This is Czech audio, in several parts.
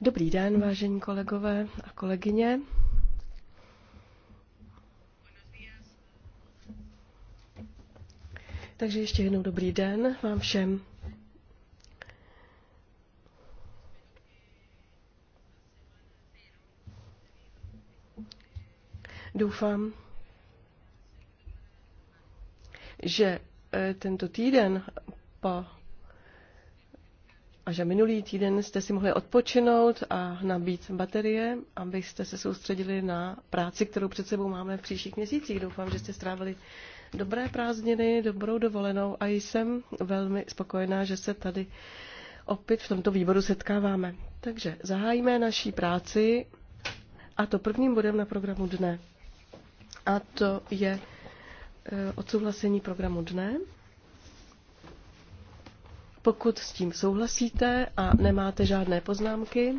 Dobrý den, vážení kolegové a kolegyně. Takže ještě jednou dobrý den vám všem. Doufám, že eh, tento týden po a že minulý týden jste si mohli odpočinout a nabít baterie, abyste se soustředili na práci, kterou před sebou máme v příštích měsících. Doufám, že jste strávili dobré prázdniny, dobrou dovolenou a jsem velmi spokojená, že se tady opět v tomto výboru setkáváme. Takže zahájíme naší práci a to prvním bodem na programu dne. A to je eh, odsouhlasení programu dne. Pokud s tím souhlasíte a nemáte žádné poznámky,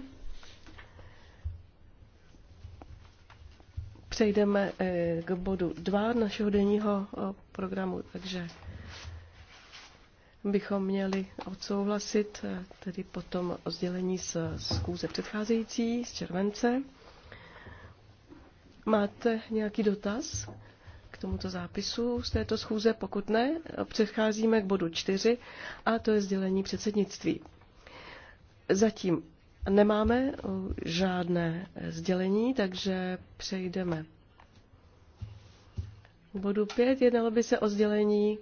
přejdeme eh, k bodu 2 našeho denního eh, programu, takže bychom měli odsouhlasit eh, tedy potom o sdělení z schůze předcházející z července. Máte nějaký dotaz? tomuto zápisu z této schůze. Pokud ne, přecházíme k bodu 4 a to je sdělení předsednictví. Zatím nemáme uh, žádné sdělení, takže přejdeme k bodu 5. Jednalo by se o sdělení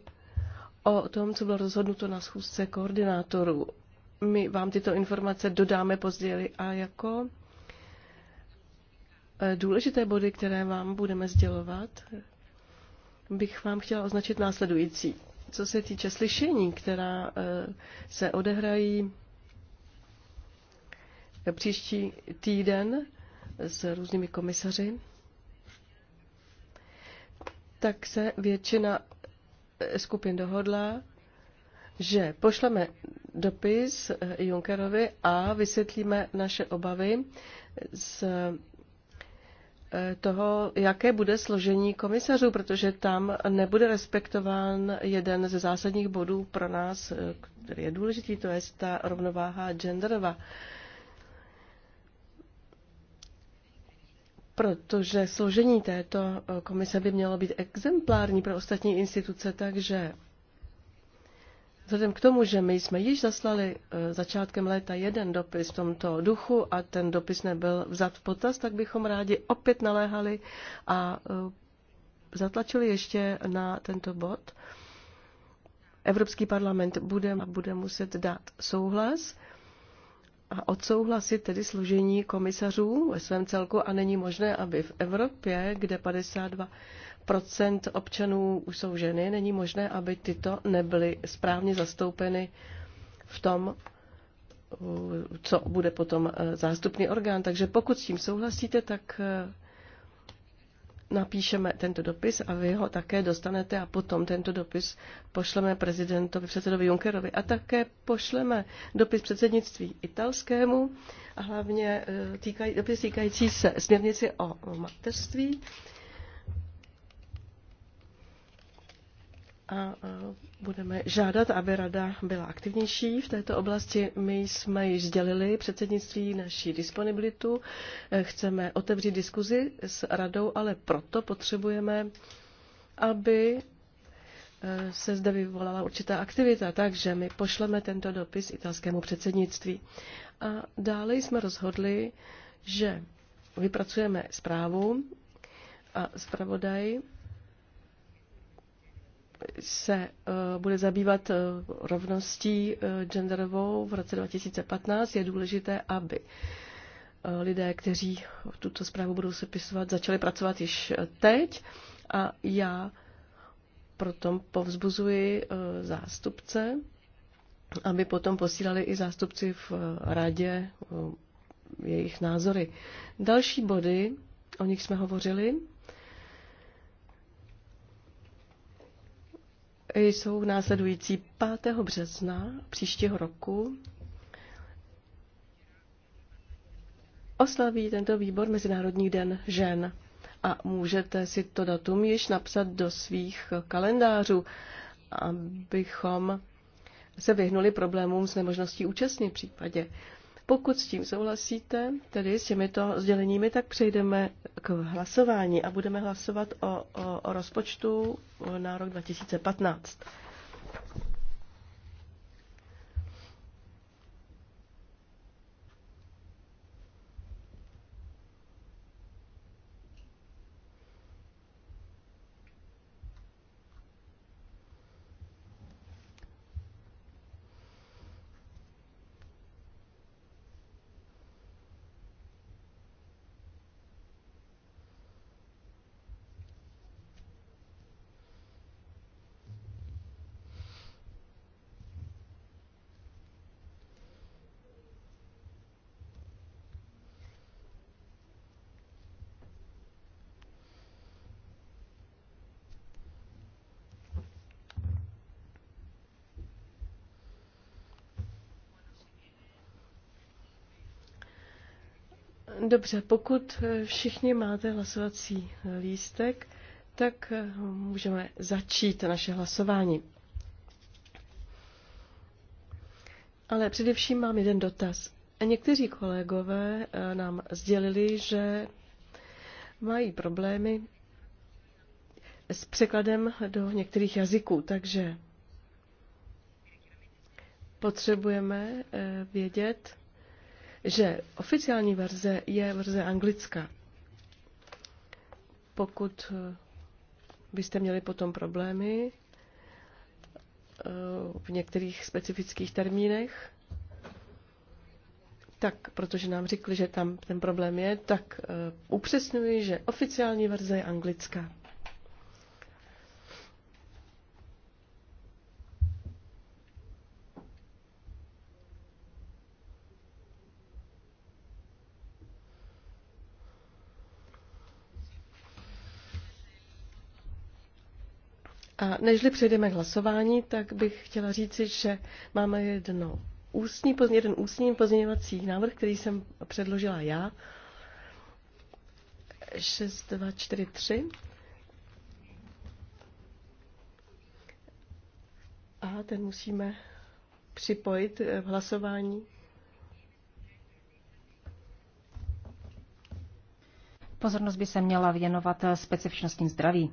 o tom, co bylo rozhodnuto na schůzce koordinátorů. My vám tyto informace dodáme později a jako eh, důležité body, které vám budeme sdělovat, bych vám chtěla označit následující. Co se týče slyšení, která eh, se odehrají eh, příští týden s různými komisaři, tak se většina eh, skupin dohodla, že pošleme dopis Junkerovi a vysvětlíme naše obavy z Eh, toho, jaké bude složení komisařů, protože tam nebude respektován jeden ze zásadních bodů pro nás, eh, který je důležitý, to je ta rovnováha genderová. Protože složení této eh, komise by mělo být exemplární pro ostatní instituce, takže Vzhledem k tomu, že my jsme již zaslali eh, začátkem léta jeden dopis v tomto duchu a ten dopis nebyl vzat v potaz, tak bychom rádi opět naléhali a eh, zatlačili ještě na tento bod. Evropský parlament bude, bude muset dát souhlas a odsouhlasit tedy složení komisařů ve svém celku a není možné, aby v Evropě, kde 52 procent občanů už jsou ženy, není možné, aby tyto nebyly správně zastoupeny v tom, co bude potom eh, zástupný orgán. Takže pokud s tím souhlasíte, tak eh, napíšeme tento dopis a vy ho také dostanete a potom tento dopis pošleme prezidentovi, předsedovi Junckerovi a také pošleme dopis předsednictví italskému a hlavně eh, týkaj, dopis týkající se směrnici o mateřství a budeme žádat, aby rada byla aktivnější v této oblasti. My jsme již sdělili předsednictví naší disponibilitu. Chceme otevřít diskuzi s radou, ale proto potřebujeme, aby e, se zde vyvolala určitá aktivita, takže my pošleme tento dopis italskému předsednictví. A dále jsme rozhodli, že vypracujeme zprávu a zpravodaj se eh, bude zabývat eh, rovností eh, genderovou v roce 2015, je důležité, aby lidé, kteří tuto zprávu budou sepisovat, začali pracovat již teď a já proto povzbuzuji zástupce, aby potom posílali i zástupci v radě jejich názory. Další body, o nich jsme hovořili, jsou následující 5. března příštího roku. Oslaví tento výbor Mezinárodní den žen a můžete si to datum již napsat do svých kalendářů, abychom se vyhnuli problémům s nemožností účastnit v případě pokud s tím souhlasíte, tedy s těmito sděleními, tak přejdeme k hlasování a budeme hlasovat o, o, o rozpočtu na rok 2015. Dobře, pokud eh, všichni máte hlasovací eh, lístek, tak eh, můžeme začít naše hlasování. Ale především mám jeden dotaz. Někteří kolegové nám sdělili, že mají problémy s překladem do některých jazyků, takže potřebujeme vědět, že oficiální verze je verze anglická. Pokud eh, byste měli potom problémy eh, v některých specifických termínech, tak, protože nám řekli, že tam ten problém je, tak eh, upřesňuji, že oficiální verze je anglická. A nežli přejdeme k hlasování, tak bych chtěla říci, že máme jedno ústní, jeden ústní pozměňovací návrh, který jsem předložila já. 6243. A ten musíme připojit v hlasování. Pozornost by se měla věnovat specifičnostním zdraví.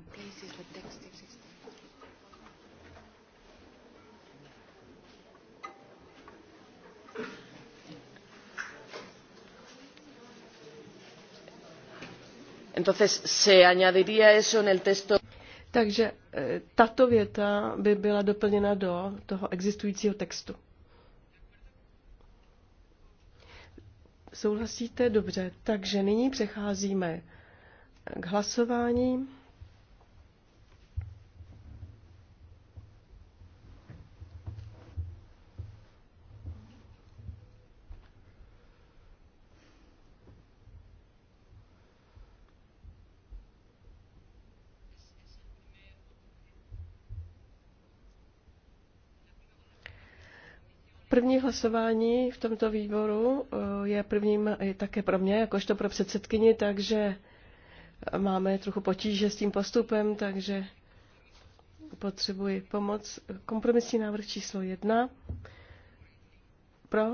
Takže eh, tato věta by byla doplněna do toho existujícího textu. Souhlasíte? Dobře. Takže nyní přecházíme k hlasování. První hlasování v tomto výboru eh, je prvním i eh, také pro mě, jakožto pro předsedkyni, takže máme trochu potíže s tím postupem, takže potřebuji pomoc. Kompromisní návrh číslo jedna. Pro?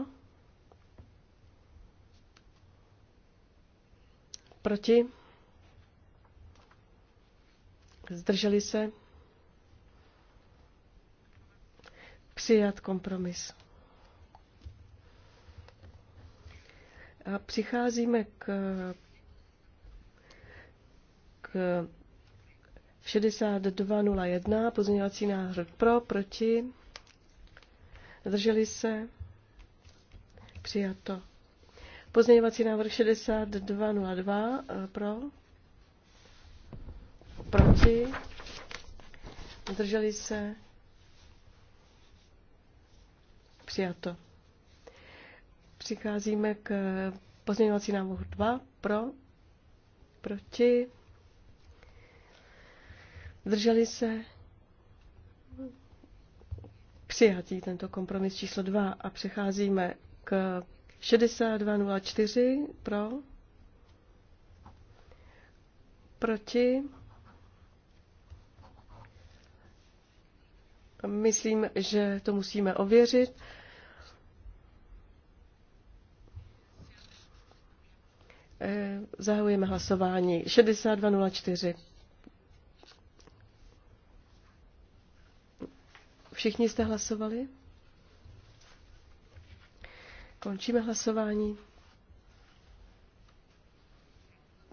Proti? Zdrželi se? Přijat kompromis. A přicházíme k, k 6201, pozměňovací návrh pro, proti, zdrželi se, přijato. Pozměňovací návrh 6202 e, pro, proti, zdrželi se, přijato. Přicházíme k pozměňovací návrhu 2. Pro, proti, drželi se, přijatí tento kompromis číslo 2 a přecházíme k 6204 pro, proti, myslím, že to musíme ověřit. Eh, zahajujeme hlasování 6204. Všichni jste hlasovali? Končíme hlasování.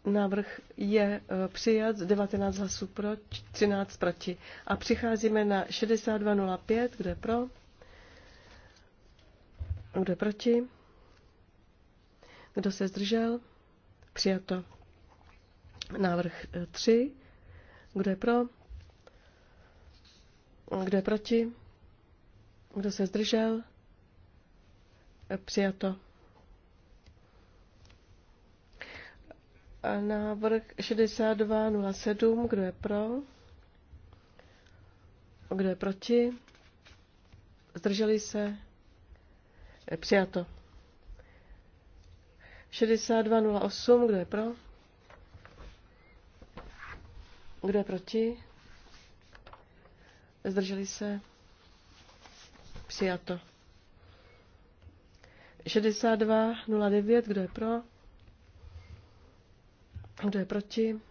Návrh je eh, přijat, 19 hlasů pro, 13 proti. A přicházíme na 6205, kde pro, kde proti, kdo se zdržel. Přijato. Návrh 3. Eh, kdo je pro? Kdo je proti? Kdo se zdržel? Eh, přijato. A návrh 6207, kdo je pro? Kdo je proti? Zdrželi se? Eh, přijato. 6208, kdo je pro? Kdo je proti? Zdrželi se? Přijato. 6209, kdo je pro? Kdo je proti?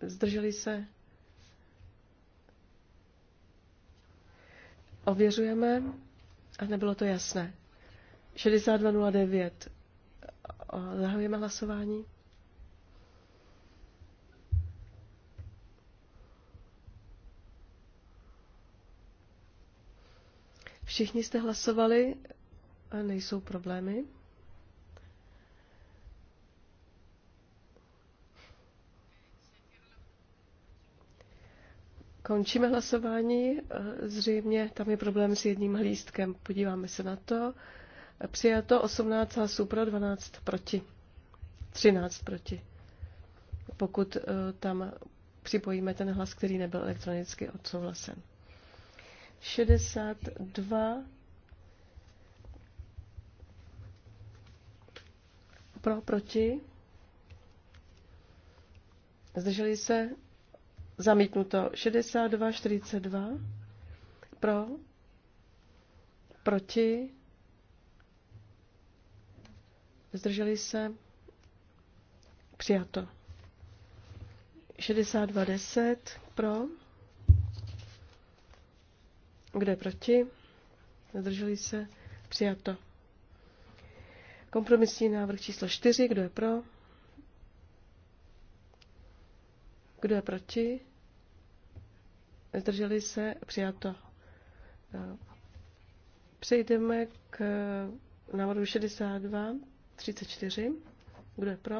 Zdrželi se? Ověřujeme a nebylo to jasné. 6209. Zahajujeme hlasování. Všichni jste hlasovali a nejsou problémy. Končíme hlasování. Zřejmě tam je problém s jedním hlístkem. Podíváme se na to. Přijato 18 hlasů pro, 12 proti. 13 proti. Pokud eh, tam připojíme ten hlas, který nebyl elektronicky odsouhlasen. 62 pro, proti. Zdrželi se zamítnuto 62, 42 pro, proti zdrželi se, přijato. 62.10 pro, kde proti, zdrželi se, přijato. Kompromisní návrh číslo 4, kdo je pro, kdo je proti, zdrželi se, přijato. Přejdeme k eh, návrhu 62 34. Kdo je pro?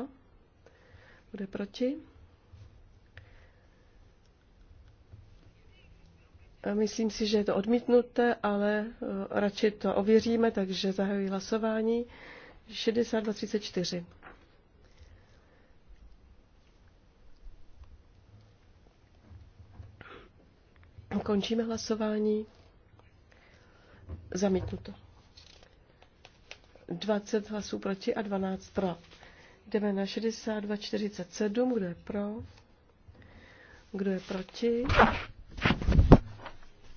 Kdo je proti? Myslím si, že je to odmítnuté, ale eh, radši to ověříme, takže zahajuji hlasování. 62.34. Končíme hlasování. Zamítnuto. 20 hlasů proti a 12 pro. Jdeme na 62,47. Kdo je pro? Kdo je proti?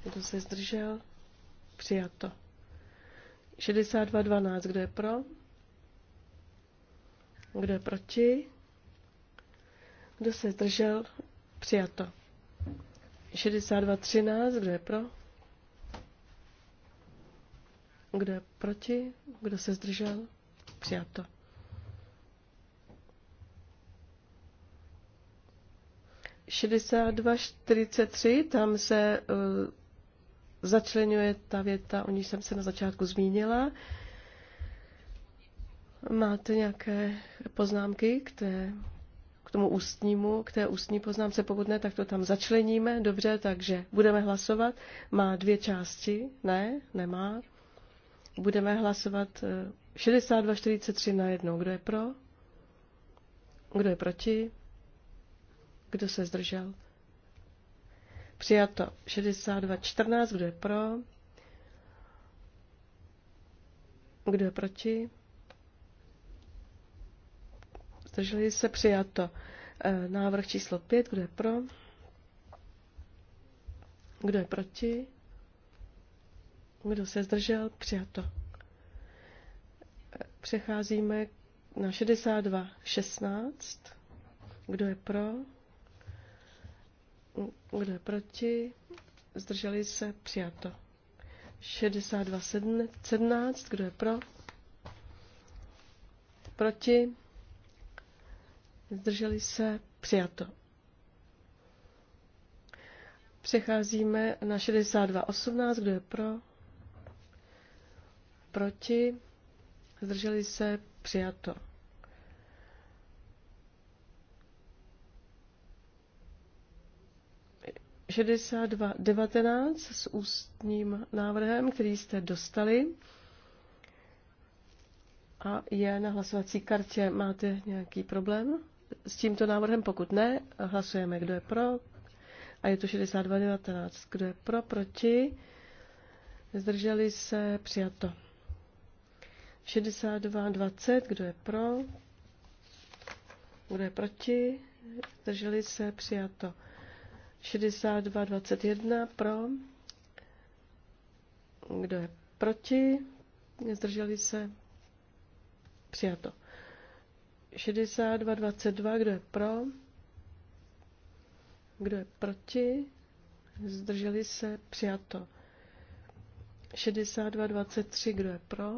Kdo se zdržel? Přijato. 62,12. Kdo je pro? Kdo je proti? Kdo se zdržel? Přijato. 62,13. Kdo je pro? Kdo je proti? Kdo se zdržel? Přijato. to. tam se uh, začlenuje ta věta, o níž jsem se na začátku zmínila. Máte nějaké poznámky k, té, k tomu ústnímu, k té ústní poznámce? Pokud ne, tak to tam začleníme. Dobře, takže budeme hlasovat. Má dvě části? Ne, nemá budeme hlasovat 62-43 eh, na jednou. Kdo je pro? Kdo je proti? Kdo se zdržel? Přijato 62-14. Kdo je pro? Kdo je proti? Zdrželi se přijato. Eh, návrh číslo 5. Kdo je pro? Kdo je proti? Kdo se zdržel? Přijato. Přecházíme na 62, 16. Kdo je pro? Kdo je proti? Zdrželi se? Přijato. 62, 17. Kdo je pro? Proti? Zdrželi se? Přijato. Přecházíme na 62.18. Kdo je pro? proti, zdrželi se, přijato. devatenáct s ústním návrhem, který jste dostali. A je na hlasovací kartě. Máte nějaký problém s tímto návrhem? Pokud ne, hlasujeme, kdo je pro. A je to 62.19. Kdo je pro, proti? Zdrželi se, přijato. 62-20, kdo je pro, kdo je proti, drželi se, přijato. 62-21 pro, kdo je proti, zdrželi se, přijato. 62-22, kdo je pro, kdo je proti, zdrželi se, přijato. 62-23, kdo je pro,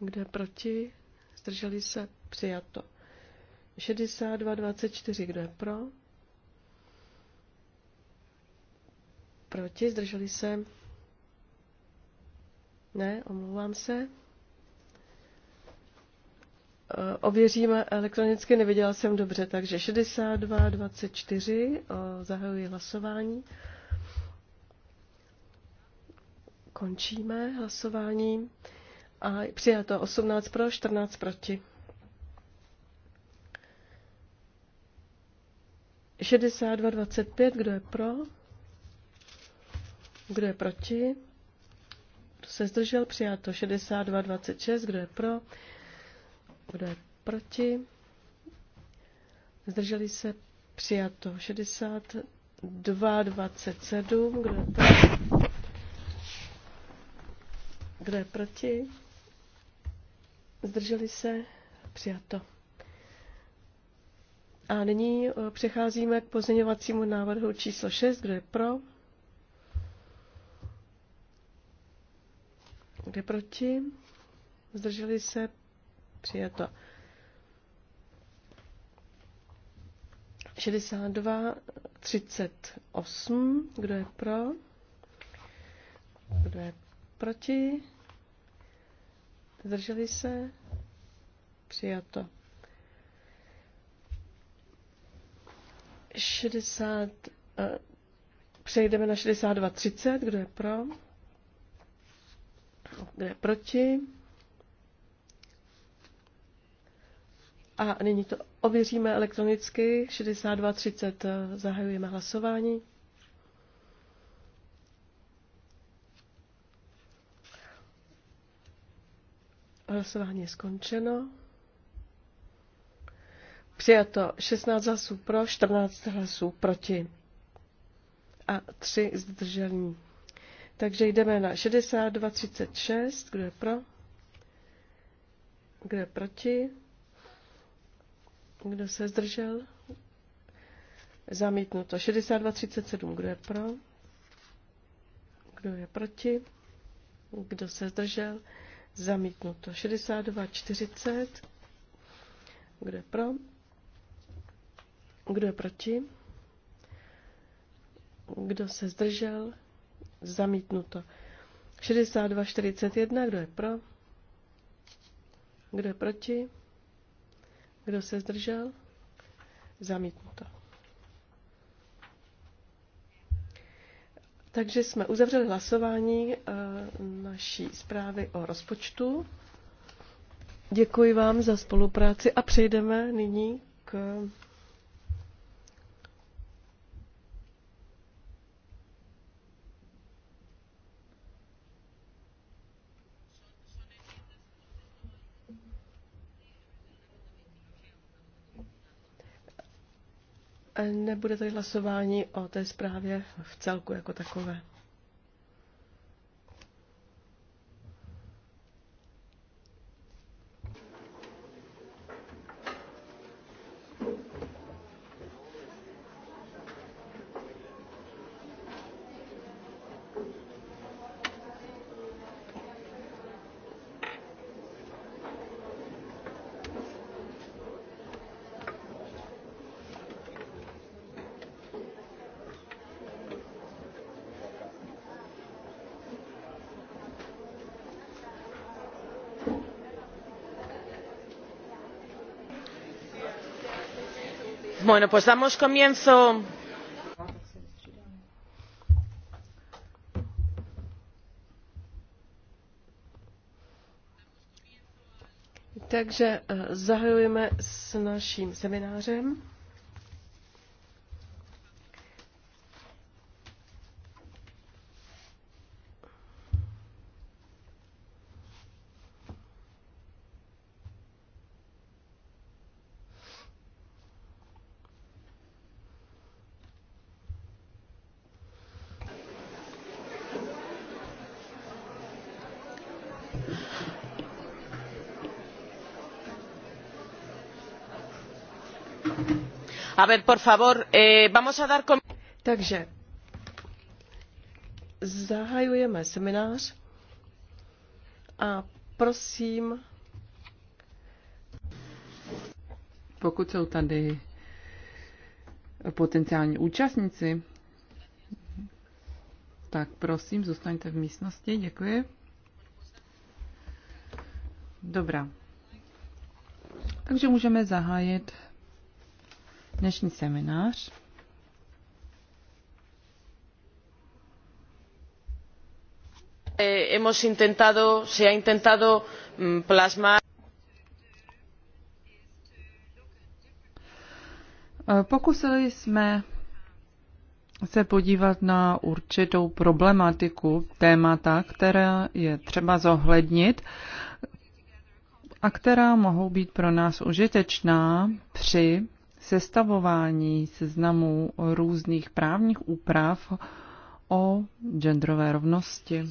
kde proti? Zdrželi se? Přijato. 62,24. Kdo je pro? Proti? Zdrželi se? Ne, omlouvám se. E, Ověříme elektronicky, neviděla jsem dobře, takže 62,24. E, zahajuji hlasování. Končíme hlasování a přijato 18 pro, 14 proti. 62-25, kdo je pro? Kdo je proti? Kdo se zdržel? Přijato 62-26, kdo je pro? Kdo je proti? Zdrželi se? Přijato 62-27, kdo je pro? Kdo je proti? zdrželi se, přijato. A nyní eh, přecházíme k pozměňovacímu návrhu číslo 6, kdo je pro, Kde proti, zdrželi se, přijato. 62, 38, kdo je pro, kdo je proti, Zdrželi se? Přijato. 60, uh, eh, přejdeme na 62.30. Kdo je pro? Kdo je proti? A nyní to ověříme elektronicky. 62.30 eh, zahajujeme hlasování. Hlasování je skončeno. Přijato 16 hlasů pro, 14 hlasů proti a 3 zdržení. Takže jdeme na 62,36. Kdo je pro? Kdo je proti? Kdo se zdržel? Zamítnuto. 62,37. Kdo je pro? Kdo je proti? Kdo se zdržel? Zamítnuto. 62.40. Kdo je pro? Kdo je proti? Kdo se zdržel? Zamítnuto. 62.41. Kdo je pro? Kdo je proti? Kdo se zdržel? Zamítnuto. Takže jsme uzavřeli hlasování eh, naší zprávy o rozpočtu. Děkuji vám za spolupráci a přejdeme nyní k Nebude tady hlasování o té zprávě v celku jako takové. Bueno, pues damos comienzo. Takže eh, zahajujeme s naším seminářem. Eh, Takže zahajujeme seminář a prosím, pokud jsou tady potenciální účastníci, tak prosím, zůstaňte v místnosti. Děkuji. Dobrá. Takže můžeme zahájit dnešní seminář. Eh, hemos intentado, se ha intentado mm, plasmar. Eh, pokusili jsme se podívat na určitou problematiku, témata, která je třeba zohlednit a která mohou být pro nás užitečná při sestavování seznamů různých právních úprav o genderové rovnosti.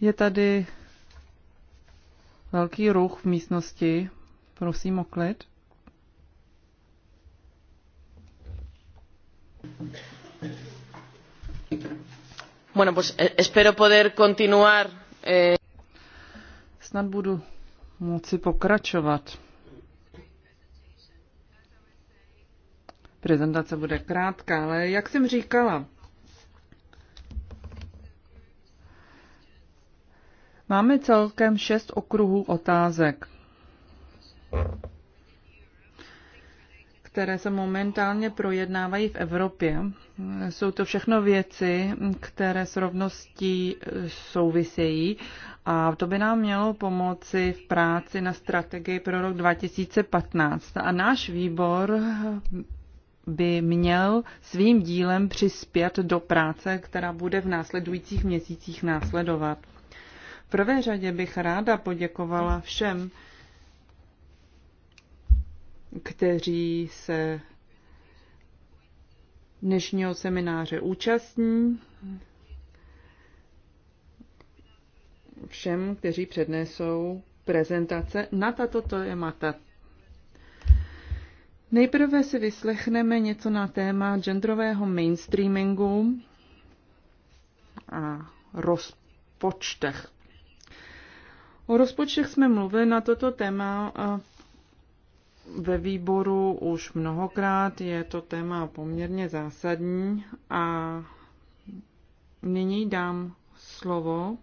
Je tady velký ruch v místnosti. Prosím o klid. Bueno, pues eh, espero poder continuar. Eh... Snad budu moci pokračovat. Prezentace bude krátká, ale jak jsem říkala, máme celkem šest okruhů otázek, které se momentálně projednávají v Evropě. Jsou to všechno věci, které s rovností souvisejí a to by nám mělo pomoci v práci na strategii pro rok 2015. A náš výbor by měl svým dílem přispět do práce, která bude v následujících měsících následovat. V prvé řadě bych ráda poděkovala všem, kteří se dnešního semináře účastní, všem, kteří přednesou prezentace na tato témata. Nejprve si vyslechneme něco na téma genderového mainstreamingu a rozpočtech. O rozpočtech jsme mluvili na toto téma ve výboru už mnohokrát. Je to téma poměrně zásadní a nyní dám slovo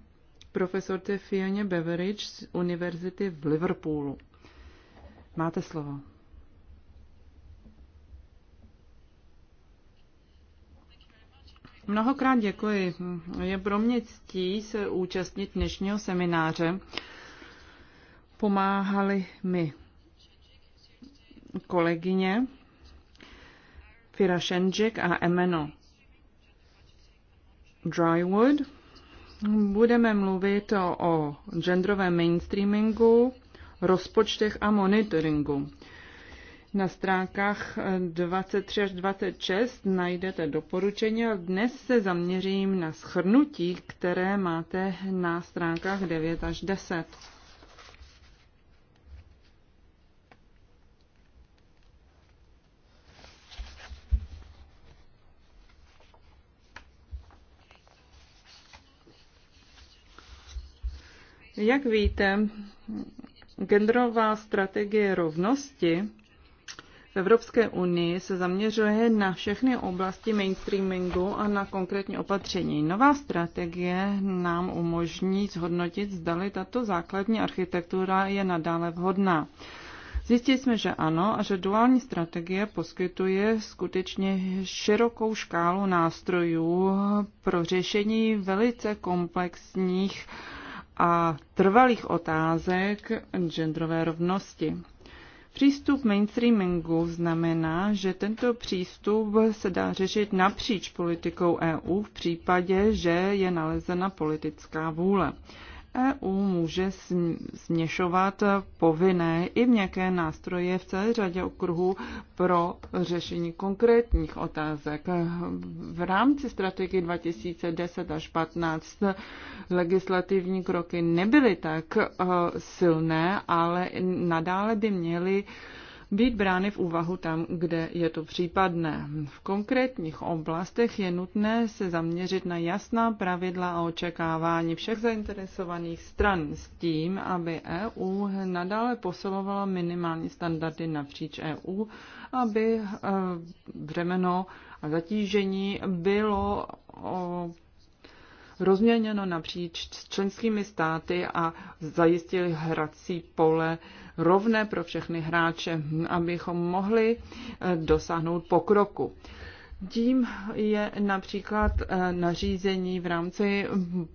profesorce Fioně Beveridge z Univerzity v Liverpoolu. Máte slovo. Mnohokrát děkuji. Je pro mě ctí se účastnit dnešního semináře. Pomáhali mi kolegyně Fira Šenžik a Emeno Drywood. Budeme mluvit o, o genderovém mainstreamingu, rozpočtech a monitoringu. Na stránkách 23 eh, až 26 najdete doporučení a dnes se zaměřím na schrnutí, které máte na stránkách 9 až 10. Jak víte, genderová strategie rovnosti v Evropské unii se zaměřuje na všechny oblasti mainstreamingu a na konkrétní opatření. Nová strategie nám umožní zhodnotit, zdali tato základní architektura je nadále vhodná. Zjistili jsme, že ano a že duální strategie poskytuje skutečně širokou škálu nástrojů pro řešení velice komplexních a trvalých otázek genderové rovnosti. Přístup mainstreamingu znamená, že tento přístup se dá řešit napříč politikou EU v případě, že je nalezena politická vůle. EU může směšovat povinné i v nějaké nástroje v celé řadě okruhů pro řešení konkrétních otázek. V rámci strategie 2010 až 15 legislativní kroky nebyly tak e, silné, ale nadále by měly uh, být brány v úvahu tam, kde je to případné. V konkrétních oblastech je nutné se zaměřit na jasná pravidla a očekávání všech zainteresovaných stran s tím, aby EU nadále posilovala minimální standardy napříč EU, aby eh, břemeno a zatížení bylo rozměněno napříč členskými státy a zajistili hrací pole rovné pro všechny hráče, abychom mohli eh, dosáhnout pokroku. Tím je například eh, nařízení v rámci hm,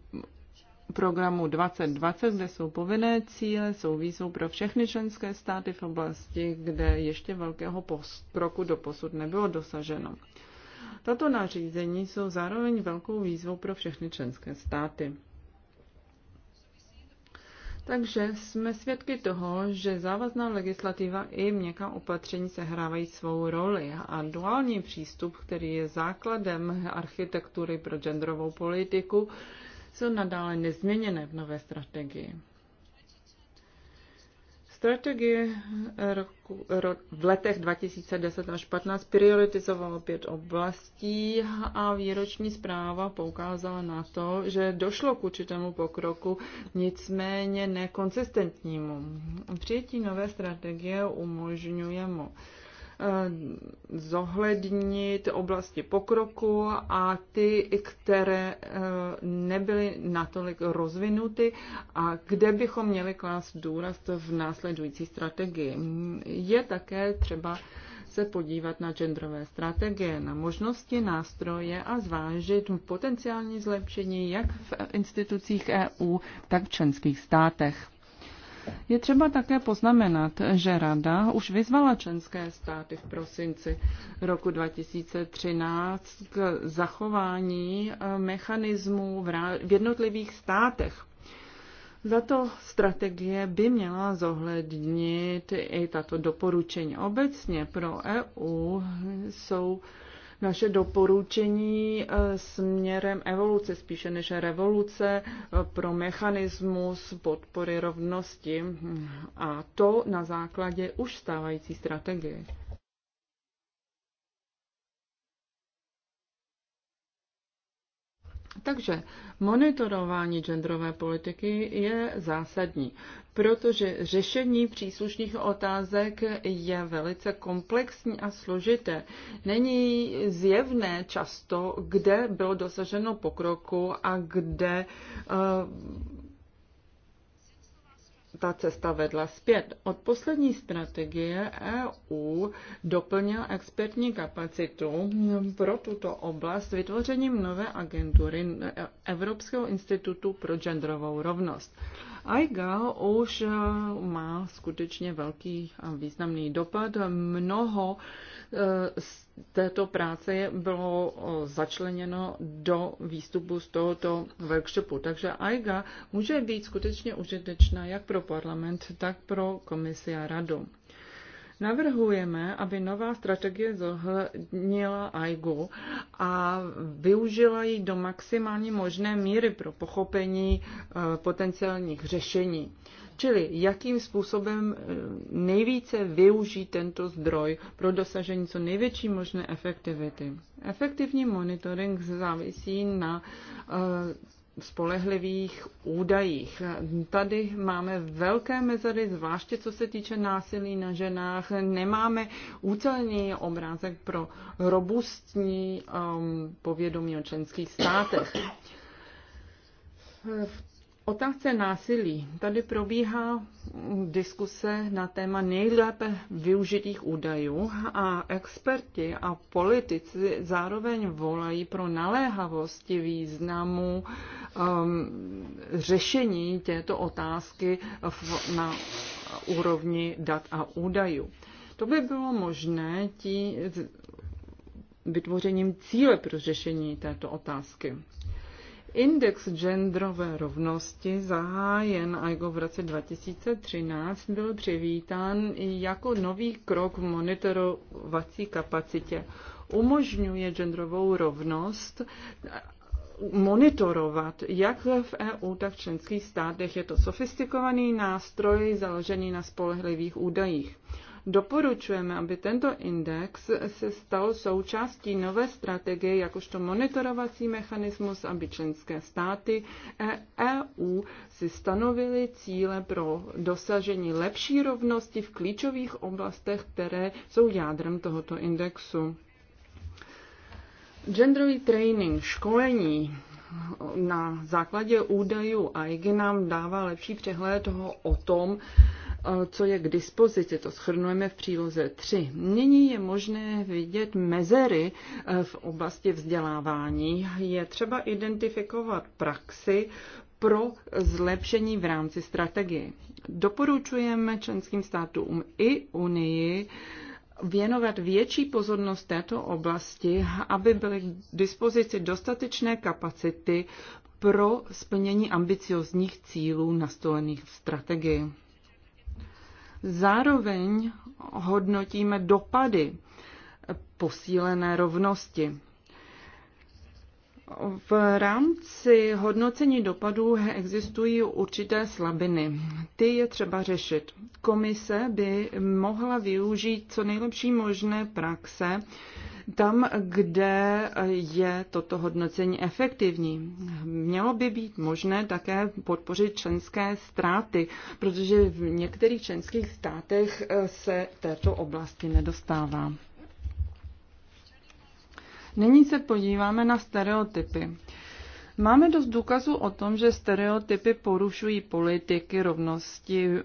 programu 2020, kde jsou povinné cíle, jsou výzvou pro všechny členské státy v oblasti, kde ještě velkého kroku do posud nebylo dosaženo. Tato nařízení jsou zároveň velkou výzvou pro všechny členské státy. Takže jsme svědky toho, že závazná legislativa i měkká opatření sehrávají svou roli a duální přístup, který je základem architektury pro genderovou politiku, jsou nadále nezměněné v nové strategii. Strategie roku, ro, v letech 2010 až 2015 prioritizovala pět oblastí a výroční zpráva poukázala na to, že došlo k určitému pokroku, nicméně nekonsistentnímu. Přijetí nové strategie umožňuje mu Eh, zohlednit oblasti pokroku a ty, které eh, nebyly natolik rozvinuty a kde bychom měli klást důraz v následující strategii. Je také třeba se podívat na genderové strategie, na možnosti, nástroje a zvážit potenciální zlepšení jak v institucích EU, tak v členských státech. Je třeba také poznamenat, že Rada už vyzvala členské státy v prosinci roku 2013 k zachování eh, mechanismů v jednotlivých státech. Za to strategie by měla zohlednit i tato doporučení. Obecně pro EU jsou naše doporučení eh, směrem evoluce, spíše než revoluce eh, pro mechanismus podpory rovnosti a to na základě už stávající strategie. Takže monitorování genderové politiky je zásadní, protože řešení příslušných otázek je velice komplexní a složité. Není zjevné často, kde bylo dosaženo pokroku a kde eh, ta cesta vedla zpět. Od poslední strategie EU doplnil expertní kapacitu pro tuto oblast vytvořením nové agentury Evropského institutu pro genderovou rovnost. IGAL už eh, má skutečně velký a významný dopad. Mnoho z eh, této práce bylo začleněno do výstupu z tohoto workshopu. Takže AIGA může být skutečně užitečná jak pro parlament, tak pro komisi a radu. Navrhujeme, aby nová strategie zohlednila AIGU a využila ji do maximální možné míry pro pochopení e, potenciálních řešení. Čili jakým způsobem eh, nejvíce využít tento zdroj pro dosažení co největší možné efektivity. Efektivní monitoring závisí na eh, spolehlivých údajích. Tady máme velké mezery, zvláště co se týče násilí na ženách. Nemáme úcelný obrázek pro robustní um, povědomí o členských státech. V otázce násilí. Tady probíhá diskuse na téma nejlépe využitých údajů a experti a politici zároveň volají pro naléhavosti významu um, řešení této otázky v, na úrovni dat a údajů. To by bylo možné tí, vytvořením cíle pro řešení této otázky. Index genderové rovnosti zahájen jako v roce 2013 byl přivítán jako nový krok v monitorovací kapacitě. Umožňuje genderovou rovnost eh, monitorovat, jak v EU, tak v členských státech. Je to sofistikovaný nástroj založený na spolehlivých údajích. Doporučujeme, aby tento index se stal součástí nové strategie jakožto monitorovací mechanismus, aby členské státy EU e si stanovily cíle pro dosažení lepší rovnosti v klíčových oblastech, které jsou jádrem tohoto indexu. Genderový training, školení, na základě údajů a nám dává lepší přehled toho o tom, Eh, co je k dispozici, to schrnujeme v příloze 3. Nyní je možné vidět mezery eh, v oblasti vzdělávání. Je třeba identifikovat praxi pro zlepšení v rámci strategie. Doporučujeme členským státům i Unii věnovat větší pozornost této oblasti, aby byly k dispozici dostatečné kapacity pro splnění ambiciozních cílů nastolených v strategii. Zároveň hodnotíme dopady posílené rovnosti. V rámci hodnocení dopadů existují určité slabiny. Ty je třeba řešit. Komise by mohla využít co nejlepší možné praxe tam, kde je toto hodnocení efektivní. Mělo by být možné také podpořit členské ztráty, protože v některých členských státech eh, se této oblasti nedostává. Nyní se podíváme na stereotypy. Máme dost důkazů o tom, že stereotypy porušují politiky rovnosti eh,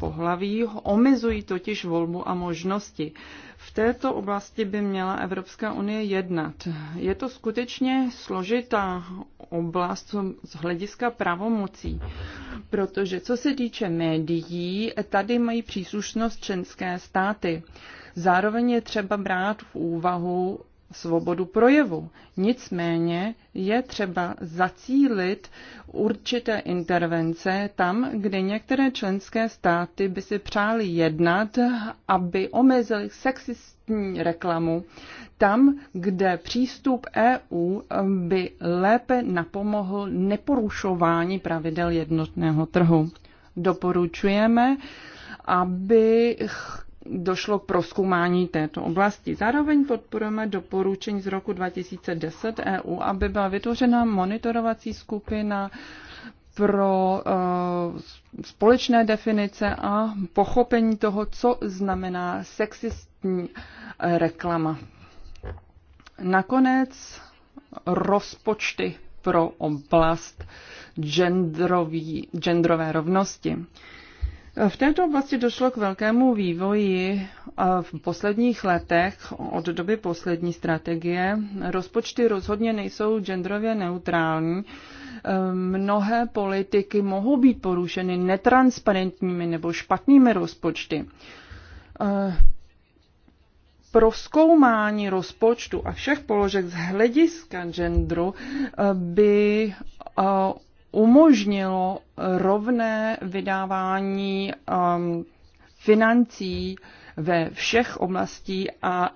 pohlaví, omezují totiž volbu a možnosti. V této oblasti by měla Evropská unie jednat. Je to skutečně složitá oblast z hlediska pravomocí, protože co se týče médií, tady mají příslušnost členské státy. Zároveň je třeba brát v úvahu svobodu projevu. Nicméně je třeba zacílit určité intervence tam, kde některé členské státy by si přáli jednat, aby omezili sexistní reklamu, tam, kde přístup EU eh, by lépe napomohl neporušování pravidel jednotného trhu. Doporučujeme, aby došlo k proskoumání této oblasti. Zároveň podporujeme doporučení z roku 2010 EU, aby byla vytvořena monitorovací skupina pro eh, společné definice a pochopení toho, co znamená sexistní reklama. Nakonec rozpočty pro oblast genderový, genderové rovnosti. V této oblasti došlo k velkému vývoji v posledních letech od doby poslední strategie. Rozpočty rozhodně nejsou genderově neutrální. Ehm, mnohé politiky mohou být porušeny netransparentními nebo špatnými rozpočty. Ehm, Pro zkoumání rozpočtu a všech položek z hlediska genderu ehm, by umožnilo rovné vydávání um, financí ve všech oblastí a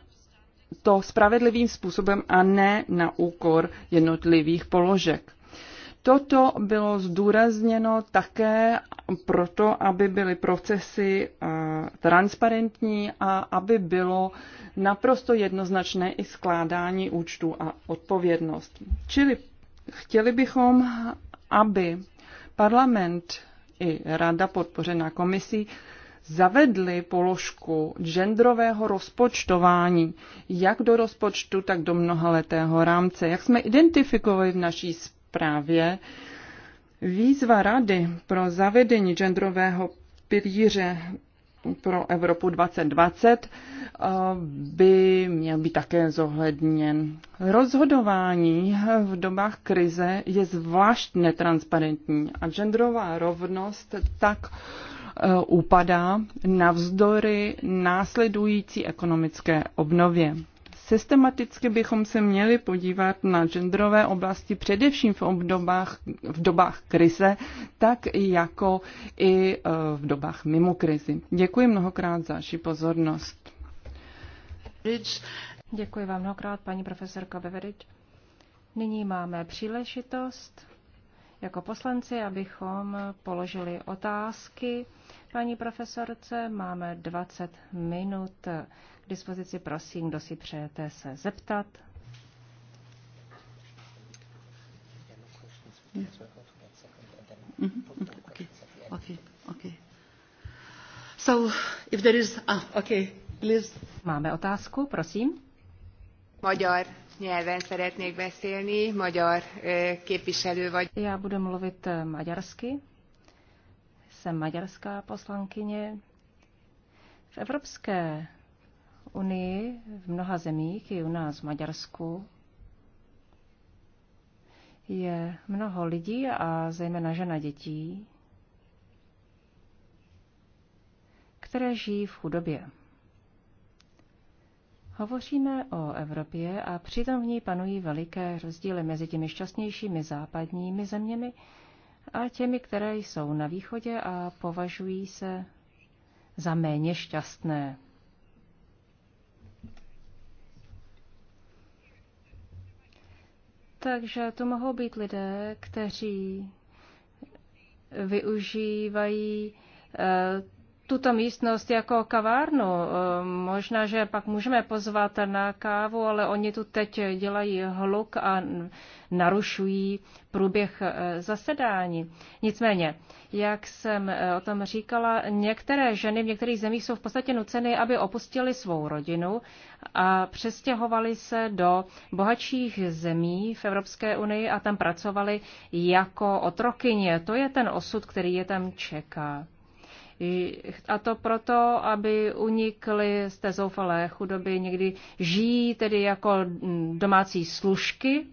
to spravedlivým způsobem a ne na úkor jednotlivých položek. Toto bylo zdůrazněno také proto, aby byly procesy eh, transparentní a aby bylo naprosto jednoznačné i skládání účtů a odpovědnost. Čili chtěli bychom aby parlament i rada podpořená komisí zavedli položku genderového rozpočtování, jak do rozpočtu, tak do mnohaletého rámce. Jak jsme identifikovali v naší zprávě, výzva Rady pro zavedení genderového pilíře pro Evropu 2020 eh, by měl být také zohledněn. Rozhodování v dobách krize je zvlášť netransparentní a genderová rovnost tak eh, upadá navzdory následující ekonomické obnově. Systematicky bychom se měli podívat na genderové oblasti především v, obdobách, v dobách krize, tak jako i e, v dobách mimo krizi. Děkuji mnohokrát za vaši pozornost. Děkuji vám mnohokrát, paní profesorka Beverič. Nyní máme příležitost jako poslanci, abychom položili otázky. Paní profesorce, máme 20 minut dispozici. Prosím, kdo si přejete se zeptat. Mhm, mhm, ah, Máme otázku, prosím. Magyar nyelven szeretnék beszélni, magyar képviselő vagy. Já budu mluvit eh, maďarsky. Jsem maďarská poslankyně. V Evropské unii, v mnoha zemích, i u nás v Maďarsku, je mnoho lidí a zejména žena dětí, které žijí v chudobě. Hovoříme o Evropě a přitom v ní panují veliké rozdíly mezi těmi šťastnějšími západními zeměmi a těmi, které jsou na východě a považují se za méně šťastné. Takže to mohou být lidé, kteří využívají eh, tuto místnost jako kavárnu. Ehm, možná, že pak můžeme pozvat na kávu, ale oni tu teď dělají hluk a narušují průběh e, zasedání. Nicméně, jak jsem e, o tom říkala, některé ženy v některých zemích jsou v podstatě nuceny, aby opustili svou rodinu a přestěhovali se do bohatších zemí v Evropské unii a tam pracovali jako otrokyně. To je ten osud, který je tam čeká. A to proto, aby unikli z té zoufalé chudoby, někdy žijí tedy jako mm, domácí služky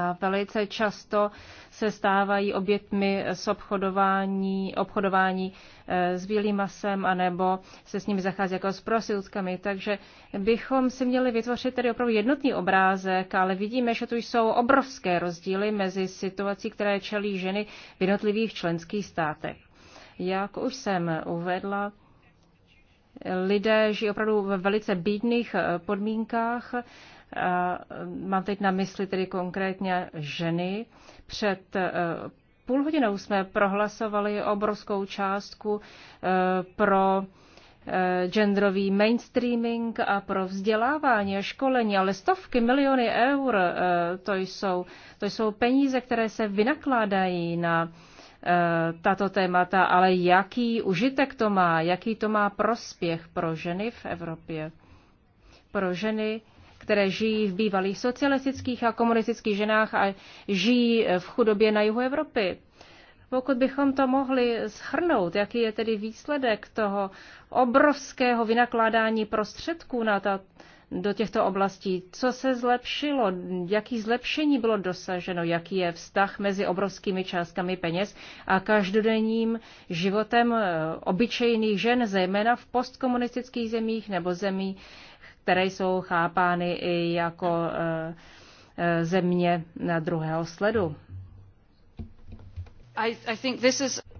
a velice často se stávají obětmi s obchodování, obchodování eh, s bílým masem, anebo se s nimi zachází jako s prostitutkami. Takže bychom si měli vytvořit tedy opravdu jednotný obrázek, ale vidíme, že tu jsou obrovské rozdíly mezi situací, které čelí ženy v jednotlivých členských státech. Jak už jsem uvedla, lidé žijí opravdu ve velice bídných eh, podmínkách. Eh, mám teď na mysli tedy konkrétně ženy. Před eh, půl hodinou jsme prohlasovali obrovskou částku pro genderový mainstreaming a pro vzdělávání a školení, ale stovky miliony eur to jsou, to jsou peníze, které se vynakládají na Eh, tato témata, ale jaký užitek to má, jaký to má prospěch pro ženy v Evropě. Pro ženy, které žijí v bývalých socialistických a komunistických ženách a žijí v chudobě na jihu Evropy. Pokud bychom to mohli schrnout, jaký je tedy výsledek toho obrovského vynakládání prostředků na, ta, do těchto oblastí. Co se zlepšilo? Jaký zlepšení bylo dosaženo? Jaký je vztah mezi obrovskými částkami peněz a každodenním životem eh, obyčejných žen, zejména v postkomunistických zemích nebo zemí, které jsou chápány i jako eh, eh, země na druhého sledu? I, I think this is...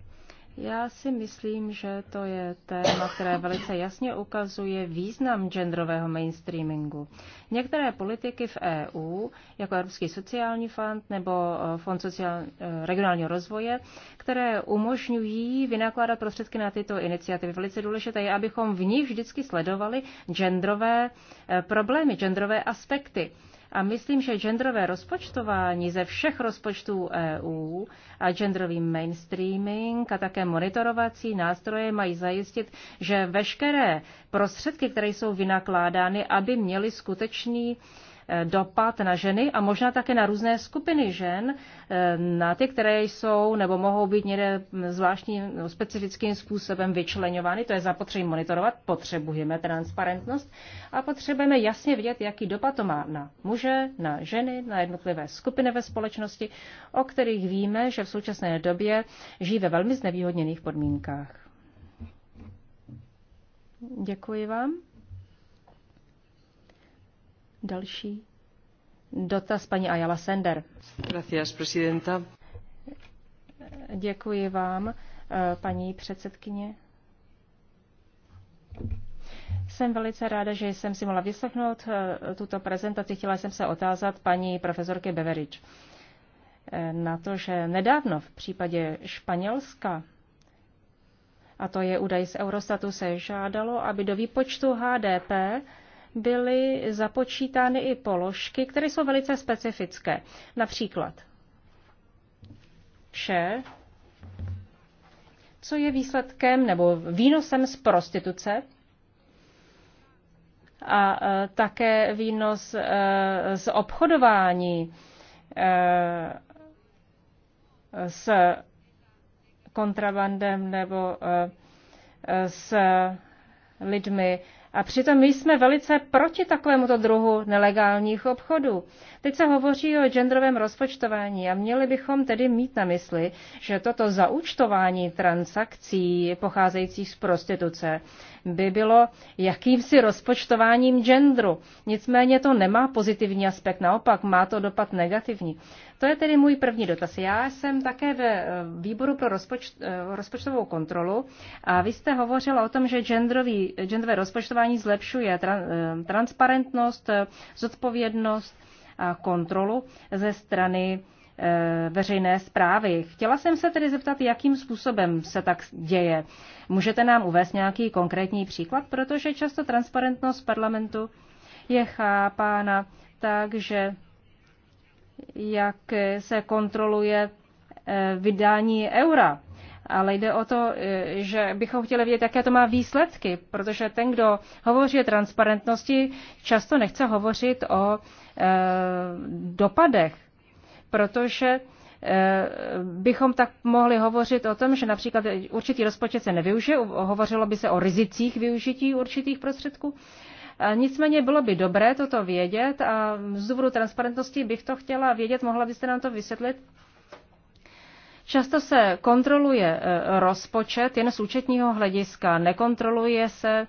Já si myslím, že to je téma, které velice jasně ukazuje význam genderového mainstreamingu. Některé politiky v EU, jako Evropský sociální fond nebo eh, Fond sociál, eh, regionálního rozvoje, které umožňují vynakládat prostředky na tyto iniciativy. Velice důležité je, abychom v nich vždycky sledovali genderové eh, problémy, genderové aspekty a myslím, že genderové rozpočtování ze všech rozpočtů EU a genderový mainstreaming a také monitorovací nástroje mají zajistit, že veškeré prostředky, které jsou vynakládány, aby měly skutečný uh, Eh, dopad na ženy a možná také na různé skupiny žen, eh, na ty, které jsou nebo mohou být někde hm, zvláštním, specifickým způsobem vyčlenovány. To je zapotřebí monitorovat, potřebujeme transparentnost a potřebujeme jasně vidět, jaký dopad to má na muže, na ženy, na jednotlivé skupiny ve společnosti, o kterých víme, že v současné době žijí ve velmi znevýhodněných podmínkách. Děkuji vám. Další dotaz paní Ayala Sender. Gracias, presidenta. Děkuji vám, eh, paní předsedkyně. Jsem velice ráda, že jsem si mohla vyslechnout eh, tuto prezentaci. Chtěla jsem se otázat paní profesorky Beverič eh, na to, že nedávno v případě Španělska, a to je údaj z Eurostatu, se žádalo, aby do výpočtu HDP byly započítány i položky, které jsou velice specifické. Například vše, co je výsledkem nebo výnosem z prostituce, a e, také výnos e, z obchodování e, s kontrabandem nebo s lidmi a přitom my jsme velice proti takovémuto druhu nelegálních obchodů. Teď se hovoří o genderovém rozpočtování a měli bychom tedy mít na mysli, že toto zaúčtování transakcí pocházejících z prostituce by bylo jakýmsi rozpočtováním genderu. Nicméně to nemá pozitivní aspekt, naopak má to dopad negativní. To je tedy můj první dotaz. Já jsem také ve eh, výboru pro rozpoč, eh, rozpočtovou kontrolu a vy jste hovořila o tom, že genderový, genderové rozpočtování zlepšuje tra, eh, transparentnost, zodpovědnost a kontrolu ze strany veřejné zprávy. Chtěla jsem se tedy zeptat, jakým způsobem se tak děje. Můžete nám uvést nějaký konkrétní příklad, protože často transparentnost parlamentu je chápána tak, že jak se kontroluje eh, vydání eura. Ale jde o to, eh, že bychom chtěli vědět, jaké to má výsledky, protože ten, kdo hovoří o transparentnosti, často nechce hovořit o e, dopadech, protože bychom tak mohli hovořit o tom, že například určitý rozpočet se nevyužije, hovořilo by se o rizicích využití určitých prostředků Nicméně bylo by dobré toto vědět a z důvodu transparentnosti bych to chtěla vědět. Mohla byste nám to vysvětlit? Často se kontroluje e, rozpočet jen z účetního hlediska, nekontroluje se e,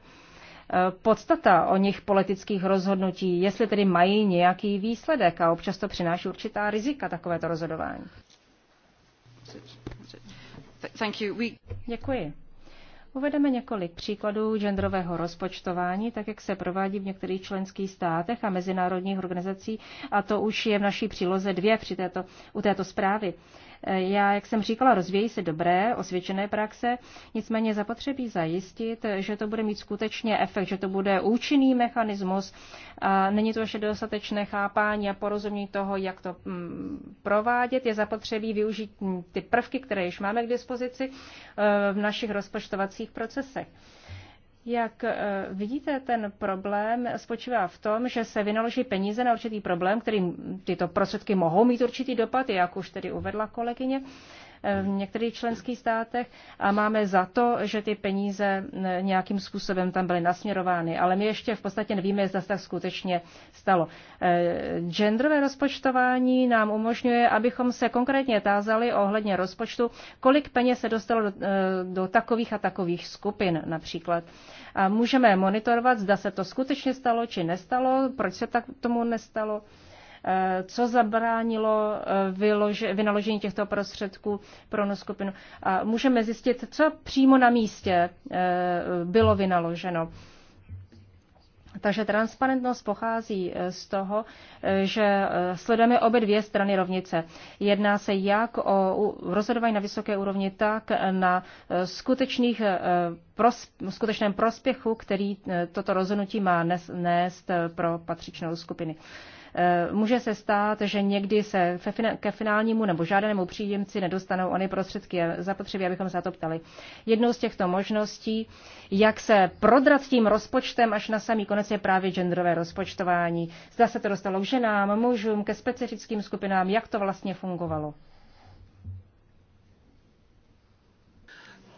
podstata o nich politických rozhodnutí, jestli tedy mají nějaký výsledek a občas to přináší určitá rizika takovéto rozhodování. Děkuji. Uvedeme několik příkladů genderového rozpočtování, tak jak se provádí v některých členských státech a mezinárodních organizací, a to už je v naší příloze dvě při této, u této zprávy. Já, jak jsem říkala, rozvíjí se dobré, osvědčené praxe, nicméně zapotřebí zajistit, že to bude mít skutečně efekt, že to bude účinný mechanismus. A není to ještě dostatečné chápání a porozumění toho, jak to mm, provádět. Je zapotřebí využít ty prvky, které již máme k dispozici eh, v našich rozpočtovacích procesech. Jak eh, vidíte, ten problém spočívá v tom, že se vynaloží peníze na určitý problém, který tyto prostředky mohou mít určitý dopad, jak už tedy uvedla kolegyně. Eh, v některých členských státech a máme za to, že ty peníze eh, nějakým způsobem tam byly nasměrovány. Ale my ještě v podstatě nevíme, zda se tak skutečně stalo. Eh, genderové rozpočtování nám umožňuje, abychom se konkrétně tázali ohledně rozpočtu, kolik peněz se dostalo do, do takových a takových skupin například. A můžeme monitorovat, zda se to skutečně stalo či nestalo, proč se tak tomu nestalo. Eh, co zabránilo eh, vynaložení těchto prostředků pro onu skupinu? A můžeme zjistit, co přímo na místě eh, bylo vynaloženo. Takže transparentnost pochází z toho, že sledujeme obě dvě strany rovnice. Jedná se jak o rozhodování na vysoké úrovni, tak na skutečných, prosp- skutečném prospěchu, který toto rozhodnutí má nést pro patřičnou skupiny. Eh, může se stát, že někdy se ke finálnímu nebo žádnému příjemci nedostanou ony prostředky eh, zapotřebí, abychom se na to ptali. Jednou z těchto možností, jak se prodrat tím rozpočtem až na samý konec je právě genderové rozpočtování. Zda se to dostalo k ženám, mužům, ke specifickým skupinám, jak to vlastně fungovalo.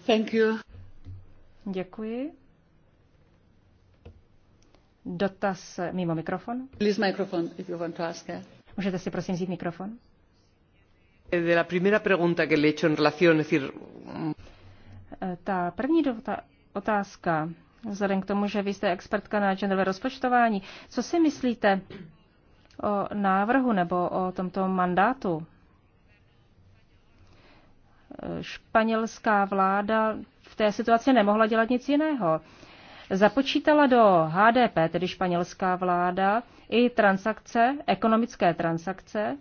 Thank you. Děkuji. Dotaz eh, mimo mikrofon. Please microphone if you want to ask. Můžete si prosím vzít mikrofon? Eh, de la primera pregunta que le he hecho en relación, decir... Mm, eh, ta první otázka, vzhledem k tomu, že vy jste expertka na genderové rozpočtování, co si myslíte o návrhu nebo o tomto mandátu? Španělská vláda v té situaci nemohla dělat nic jiného započítala do HDP, tedy španělská vláda, i transakce, ekonomické transakce,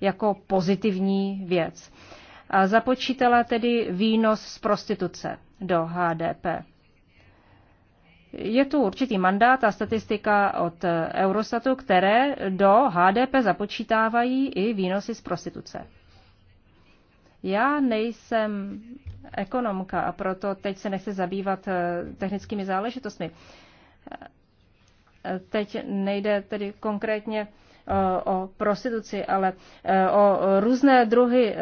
jako pozitivní věc. A započítala tedy výnos z prostituce do HDP. Je tu určitý mandát a statistika od Eurostatu, které do HDP započítávají i výnosy z prostituce. Já nejsem ekonomka a proto teď se nechci zabývat eh, technickými záležitostmi. Eh, teď nejde tedy konkrétně eh, o prostituci, ale o různé druhy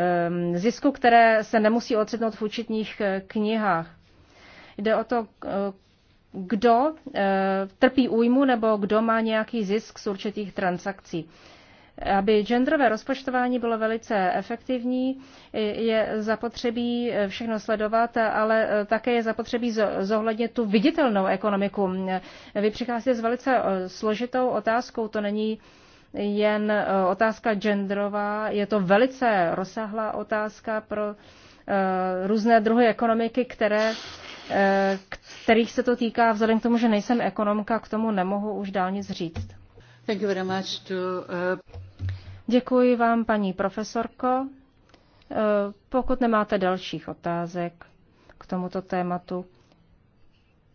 zisku, které se nemusí ocitnout v účetních knihách. Jde o to, kdo trpí újmu nebo kdo má nějaký zisk z určitých transakcí. Aby genderové rozpočtování bylo velice efektivní, je zapotřebí všechno sledovat, ale také je zapotřebí zohlednit tu viditelnou ekonomiku. Vy přicházíte s velice eh, složitou otázkou, to není jen eh, otázka genderová, je to velice rozsáhlá otázka pro eh, různé druhy ekonomiky, které, kterých se to týká. Vzhledem k tomu, že nejsem ekonomka, k tomu nemohu už dál nic říct. Uh, Děkuji vám, paní profesorko. Eh, pokud nemáte dalších otázek k tomuto tématu,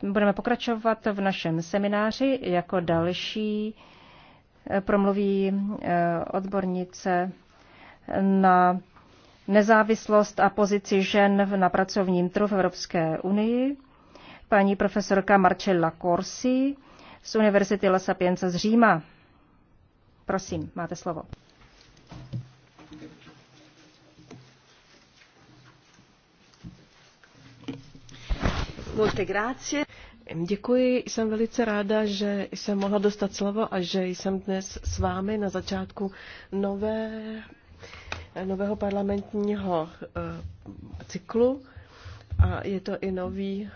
budeme pokračovat v našem semináři. Jako další eh, promluví eh, odbornice na nezávislost a pozici žen na pracovním trhu v Evropské unii, paní profesorka Marcella Corsi z Univerzity La Sapienza z Říma. Prosím, máte slovo. Děkuji, jsem velice ráda, že jsem mohla dostat slovo a že jsem dnes s vámi na začátku nové, nového parlamentního eh, cyklu. A je to i nový,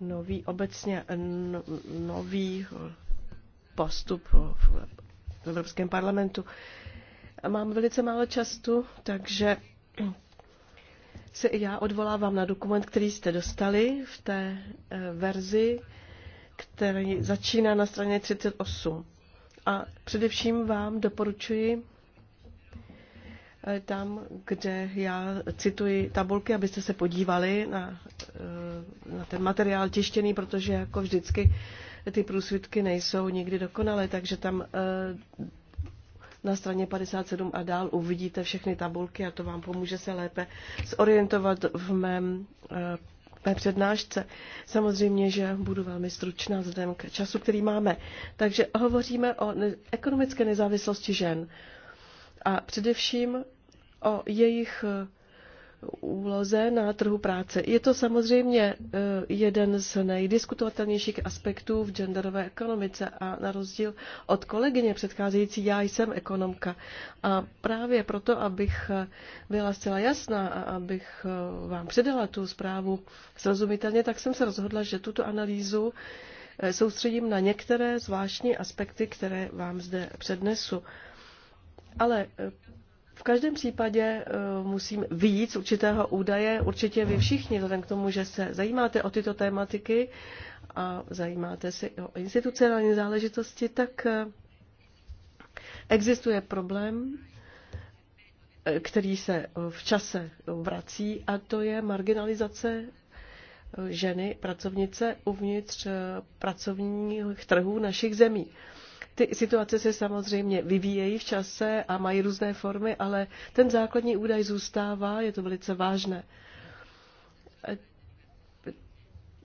nový obecně nový postup v v Evropském parlamentu. A mám velice málo času, takže se i já odvolávám na dokument, který jste dostali v té eh, verzi, který začíná na straně 38. A především vám doporučuji eh, tam, kde já cituji tabulky, abyste se podívali na, eh, na ten materiál tištěný, protože jako vždycky ty průsvitky nejsou nikdy dokonalé, takže tam eh, na straně 57 a dál uvidíte všechny tabulky a to vám pomůže se lépe zorientovat v mém eh, mé přednášce. Samozřejmě, že budu velmi stručná vzhledem k času, který máme. Takže hovoříme o ekonomické nezávislosti žen a především o jejich eh, úloze na trhu práce. Je to samozřejmě eh, jeden z nejdiskutovatelnějších aspektů v genderové ekonomice a na rozdíl od kolegyně předcházející, já jsem ekonomka. A právě proto, abych eh, byla zcela jasná a abych eh, vám předala tu zprávu srozumitelně, tak jsem se rozhodla, že tuto analýzu soustředím na některé zvláštní aspekty, které vám zde přednesu. Ale v každém případě e, musím víc určitého údaje. Určitě vy všichni, vzhledem k tomu, že se zajímáte o tyto tématiky a zajímáte se o institucionální záležitosti, tak e, existuje problém, e, který se v čase vrací, a to je marginalizace ženy, pracovnice uvnitř pracovních trhů našich zemí. Ty situace se samozřejmě vyvíjejí v čase a mají různé formy, ale ten základní údaj zůstává, je to velice vážné.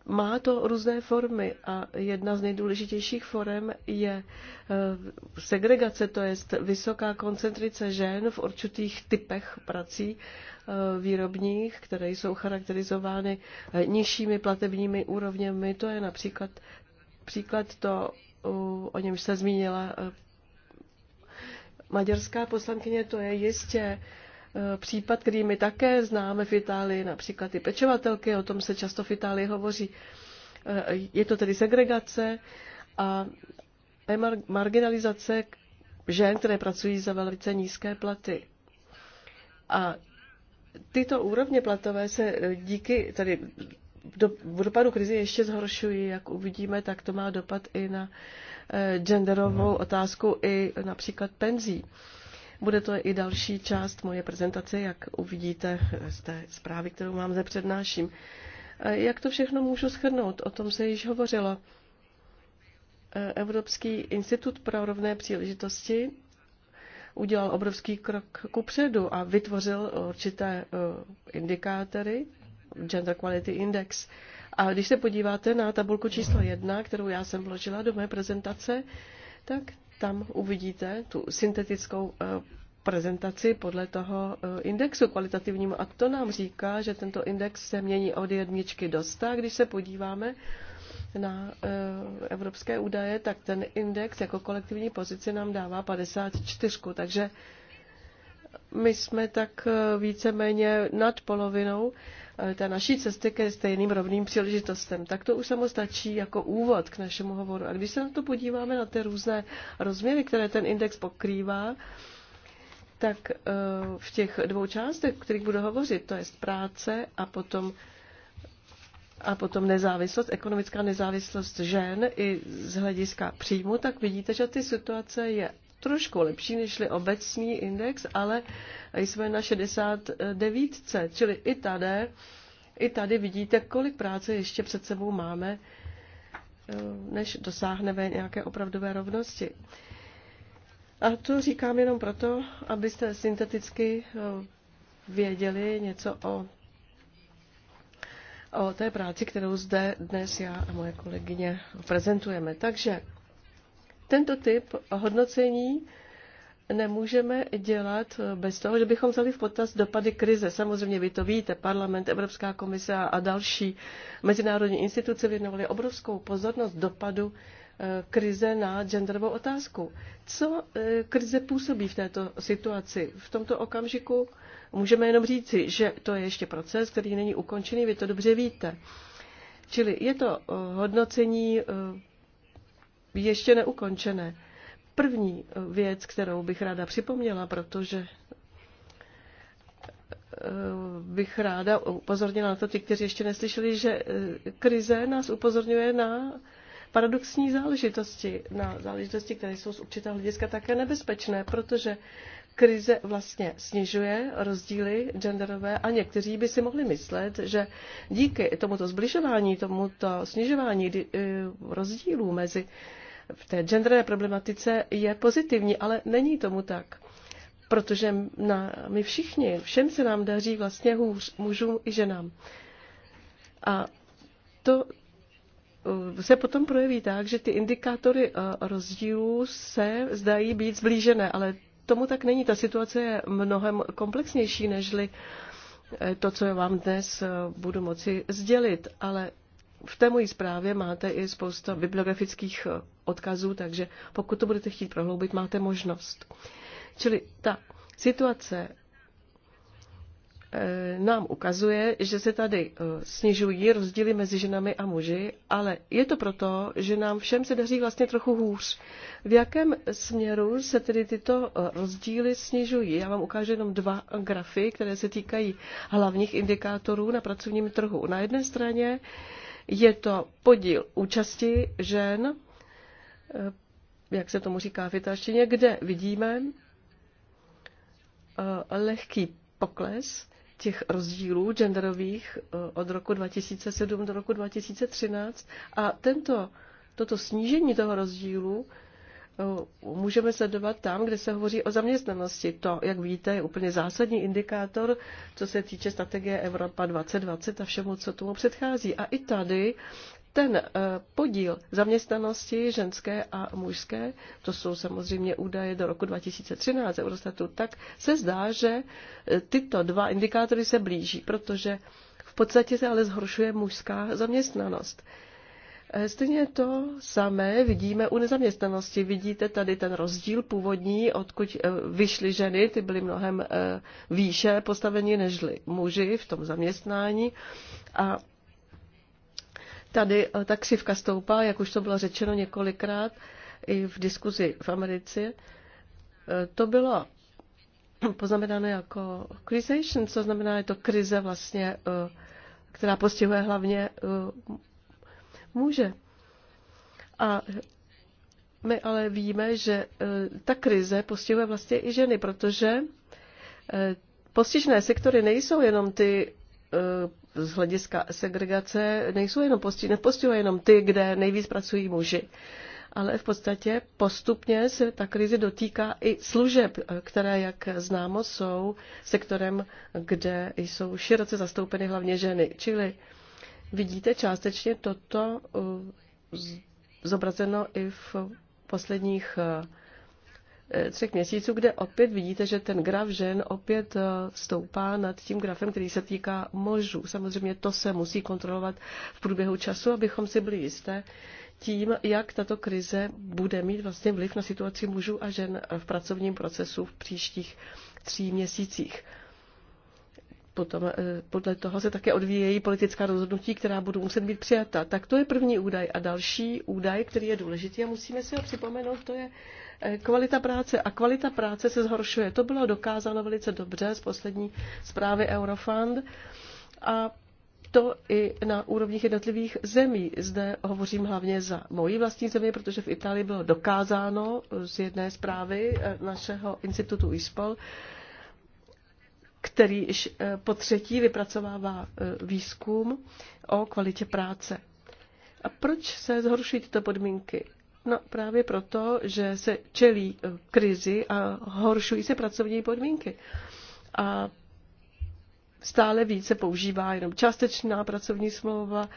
Má to různé formy a jedna z nejdůležitějších forem je eh, segregace, to je vysoká koncentrice žen v určitých typech prací eh, výrobních, které jsou charakterizovány eh, nižšími platebními úrovněmi. To je například příklad to o němž se zmínila e, maďarská poslankyně, to je jistě e, případ, který my také známe v Itálii, například ty pečovatelky, o tom se často v Itálii hovoří. E, je to tedy segregace a marginalizace žen, které pracují za velice nízké platy. A tyto úrovně platové se díky, tedy do, v dopadu krize ještě zhoršují, jak uvidíme, tak to má dopad i na eh, genderovou mhm. otázku, i například penzí. Bude to i další část moje prezentace, jak uvidíte z té zprávy, kterou mám ze přednáším. Eh, jak to všechno můžu shrnout? O tom se již hovořilo. Eh, Evropský institut pro rovné příležitosti udělal obrovský krok kupředu a vytvořil určité indikátory, Gender Quality Index. A když se podíváte na tabulku číslo jedna, kterou já jsem vložila do mé prezentace, tak tam uvidíte tu syntetickou eh, prezentaci podle toho eh, indexu kvalitativnímu. A to nám říká, že tento index se mění od jedničky do sta. Když se podíváme na eh, evropské údaje, tak ten index jako kolektivní pozici nám dává 54. Takže my jsme tak víceméně nad polovinou Eh, té naší cesty ke stejným rovným příležitostem. Tak to už samo stačí jako úvod k našemu hovoru. A když se na to podíváme na ty různé rozměry, které ten index pokrývá, tak eh, v těch dvou částech, o kterých budu hovořit, to je práce a potom a potom nezávislost, ekonomická nezávislost žen i z hlediska příjmu, tak vidíte, že ty situace je trošku lepší než obecní index, ale jsme na 69. Čili i tady, i tady vidíte, kolik práce ještě před sebou máme, eh, než dosáhneme nějaké opravdové rovnosti. A to říkám jenom proto, abyste synteticky eh, věděli něco o, o té práci, kterou zde dnes já a moje kolegyně prezentujeme. Takže tento typ hodnocení nemůžeme dělat bez toho, že bychom vzali v potaz dopady krize. Samozřejmě vy to víte, parlament, Evropská komise a další mezinárodní instituce věnovaly obrovskou pozornost dopadu eh, krize na genderovou otázku. Co eh, krize působí v této situaci? V tomto okamžiku můžeme jenom říci, že to je ještě proces, který není ukončený, vy to dobře víte. Čili je to eh, hodnocení ještě neukončené. První eh, věc, kterou bych ráda připomněla, protože eh, bych ráda upozornila na to ti, kteří ještě neslyšeli, že eh, krize nás upozorňuje na paradoxní záležitosti, na záležitosti, které jsou z určitého hlediska také nebezpečné, protože krize vlastně snižuje rozdíly genderové a někteří by si mohli myslet, že díky tomuto zbližování, tomuto snižování eh, rozdílů mezi v té genderové problematice je pozitivní, ale není tomu tak. Protože na, my všichni, všem se nám daří vlastně hůř, mužům i ženám. A to eh, se potom projeví tak, že ty indikátory eh, rozdílů se zdají být zblížené, ale tomu tak není. Ta situace je mnohem komplexnější, nežli eh, to, co vám dnes eh, budu moci sdělit, ale v té mojí zprávě máte i spousta bibliografických eh, odkazů, takže pokud to budete chtít prohloubit, máte možnost. Čili ta situace Eh, nám ukazuje, že se tady eh, snižují rozdíly mezi ženami a muži, ale je to proto, že nám všem se daří vlastně trochu hůř. V jakém směru se tedy tyto eh, rozdíly snižují? Já vám ukážu jenom dva grafy, které se týkají hlavních indikátorů na pracovním trhu. Na jedné straně je to podíl účasti žen, jak se tomu říká v italštině, kde vidíme lehký pokles těch rozdílů genderových eh, od roku 2007 do roku 2013 a tento, toto snížení toho rozdílu eh, můžeme sledovat tam, kde se hovoří o zaměstnanosti. To, jak víte, je úplně zásadní indikátor, co se týče strategie Evropa 2020 a všemu, co tomu předchází. A i tady ten eh, podíl zaměstnanosti ženské a mužské, to jsou samozřejmě údaje do roku 2013 Eurostatu, tak se zdá, že eh, tyto dva indikátory se blíží, protože v podstatě se ale zhoršuje mužská zaměstnanost. Eh, stejně to samé vidíme u nezaměstnanosti. Vidíte tady ten rozdíl původní, odkud vyšly ženy, ty byly mnohem výše postaveni než muži v tom zaměstnání. A Tady eh, ta křivka stoupá, jak už to bylo řečeno několikrát i v diskuzi v Americe. Eh, to bylo poznamenáno jako crisation, co znamená, je to krize vlastně, eh, která postihuje hlavně muže. A my ale víme, že ta krize postihuje vlastně i ženy, protože postižné sektory nejsou jenom ty z hlediska segregace nejsou jenom posti, nepostihuje jenom ty, kde nejvíc pracují muži. Ale v podstatě postupně se ta krize dotýká i služeb, které, jak známo, jsou sektorem, kde jsou široce zastoupeny hlavně ženy. Čili vidíte částečně toto uh, zobrazeno i v posledních uh, Eh, třech měsíců, kde opět vidíte, že ten graf žen opět eh, stoupá nad tím grafem, který se týká mužů. Samozřejmě to se musí kontrolovat v průběhu času, abychom si byli jisté tím, jak tato krize bude mít vlastně vliv na situaci mužů a žen v pracovním procesu v příštích tří měsících. Potom eh, podle toho se také odvíjejí politická rozhodnutí, která budou muset být přijata. Tak to je první údaj. A další údaj, který je důležitý a musíme si ho připomenout, to je Kvalita práce a kvalita práce se zhoršuje. To bylo dokázáno velice dobře z poslední zprávy Eurofund a to i na úrovních jednotlivých zemí. Zde hovořím hlavně za moji vlastní zemi, protože v Itálii bylo dokázáno z jedné zprávy eh, našeho institutu ISPOL, který eh, po třetí vypracovává eh, výzkum o kvalitě práce. A proč se zhoršují tyto podmínky? No právě proto, že se čelí eh, krizi a horšují se pracovní podmínky. A stále více používá jenom částečná pracovní smlouva,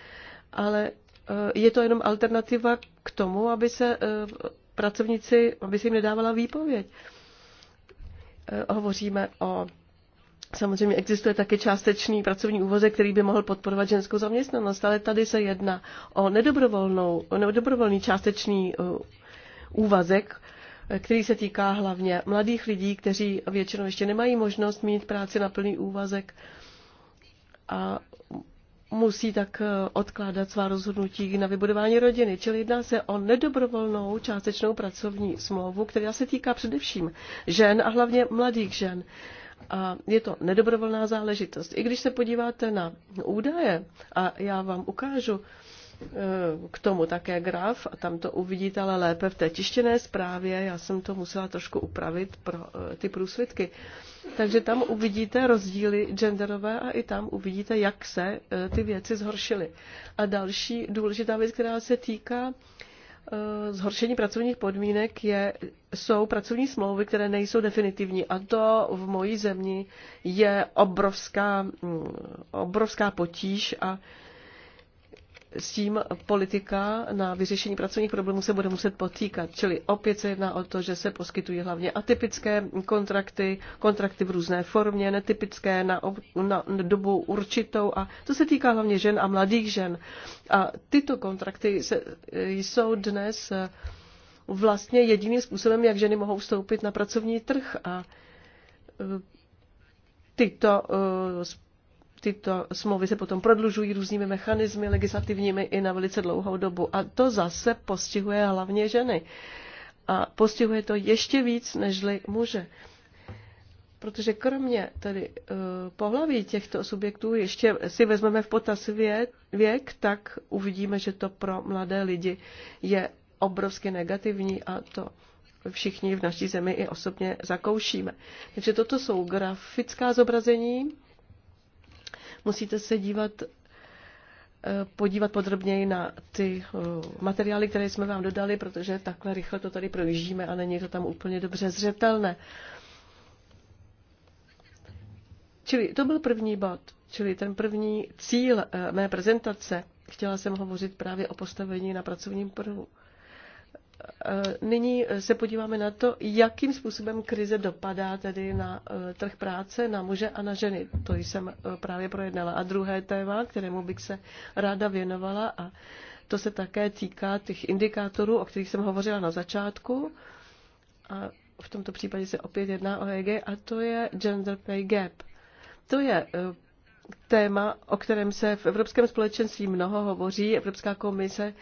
ale eh, je to jenom alternativa k tomu, aby se eh, pracovníci, aby se jim nedávala výpověď. Hovoříme o Samozřejmě existuje také částečný pracovní úvazek, který by mohl podporovat ženskou zaměstnanost, ale tady se jedná o nedobrovolnou, o nedobrovolný částečný uh, úvazek, který se týká hlavně mladých lidí, kteří většinou ještě nemají možnost mít práci na plný úvazek a musí tak uh, odkládat svá rozhodnutí na vybudování rodiny. Čili jedná se o nedobrovolnou částečnou pracovní smlouvu, která se týká především žen a hlavně mladých žen a je to nedobrovolná záležitost. I když se podíváte na údaje, a já vám ukážu e, k tomu také graf, a tam to uvidíte ale lépe v té tištěné zprávě, já jsem to musela trošku upravit pro e, ty průsvitky. Takže tam uvidíte rozdíly genderové a i tam uvidíte, jak se e, ty věci zhoršily. A další důležitá věc, která se týká Eh, zhoršení pracovních podmínek je, jsou pracovní smlouvy, které nejsou definitivní. A to v mojí zemi je obrovská, mm, obrovská potíž a s tím politika na vyřešení pracovních problémů se bude muset potýkat. Čili opět se jedná o to, že se poskytují hlavně atypické kontrakty, kontrakty v různé formě, netypické na, na dobu určitou a to se týká hlavně žen a mladých žen. A tyto kontrakty se, eh, jsou dnes eh, vlastně jediným způsobem, jak ženy mohou vstoupit na pracovní trh a eh, tyto tyto smlouvy se potom prodlužují různými mechanismy legislativními i na velice dlouhou dobu. A to zase postihuje hlavně ženy. A postihuje to ještě víc nežli muže. Protože kromě tedy uh, pohlaví těchto subjektů, ještě si vezmeme v potaz věk, tak uvidíme, že to pro mladé lidi je obrovsky negativní a to všichni v naší zemi i osobně zakoušíme. Takže toto jsou grafická zobrazení musíte se dívat, eh, podívat podrobněji na ty eh, materiály, které jsme vám dodali, protože takhle rychle to tady projíždíme a není to tam úplně dobře zřetelné. Čili to byl první bod, čili ten první cíl eh, mé prezentace. Chtěla jsem hovořit právě o postavení na pracovním prvu. Eh, nyní se podíváme na to, jakým způsobem krize dopadá tedy na eh, trh práce, na muže a na ženy. To jsem eh, právě projednala. A druhé téma, kterému bych se ráda věnovala, a to se také týká těch indikátorů, o kterých jsem hovořila na začátku. A v tomto případě se opět jedná o EG, a to je gender pay gap. To je téma, o kterém se v Evropském společenství mnoho hovoří. Evropská komise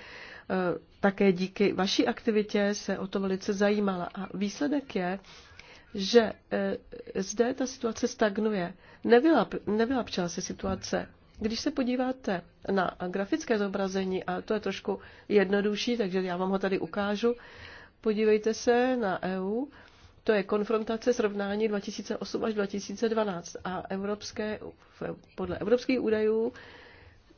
Eh, také díky vaší aktivitě se o to velice zajímala. A výsledek je, že eh, zde ta situace stagnuje. Nevylap, nevylapčila se situace. Když se podíváte na grafické zobrazení, a to je trošku jednodušší, takže já vám ho tady ukážu, podívejte se na EU, to je konfrontace srovnání 2008 až 2012 a evropské, podle evropských údajů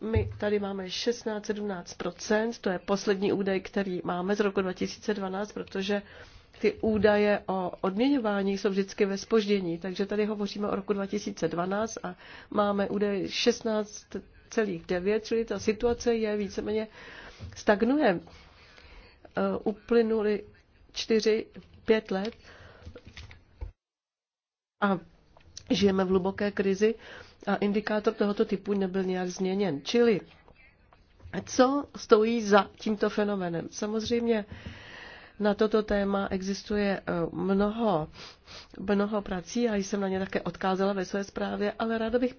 my tady máme 16-17%, to je poslední údaj, který máme z roku 2012, protože ty údaje o odměňování jsou vždycky ve spoždění, takže tady hovoříme o roku 2012 a máme údaje 16,9, čili ta situace je víceméně stagnuje. Eh, Uplynuli 4-5 let a žijeme v hluboké krizi a indikátor tohoto typu nebyl nějak změněn. Čili co stojí za tímto fenomenem? Samozřejmě na toto téma existuje eh, mnoho, mnoho prací a jsem na ně také odkázala ve své zprávě, ale ráda bych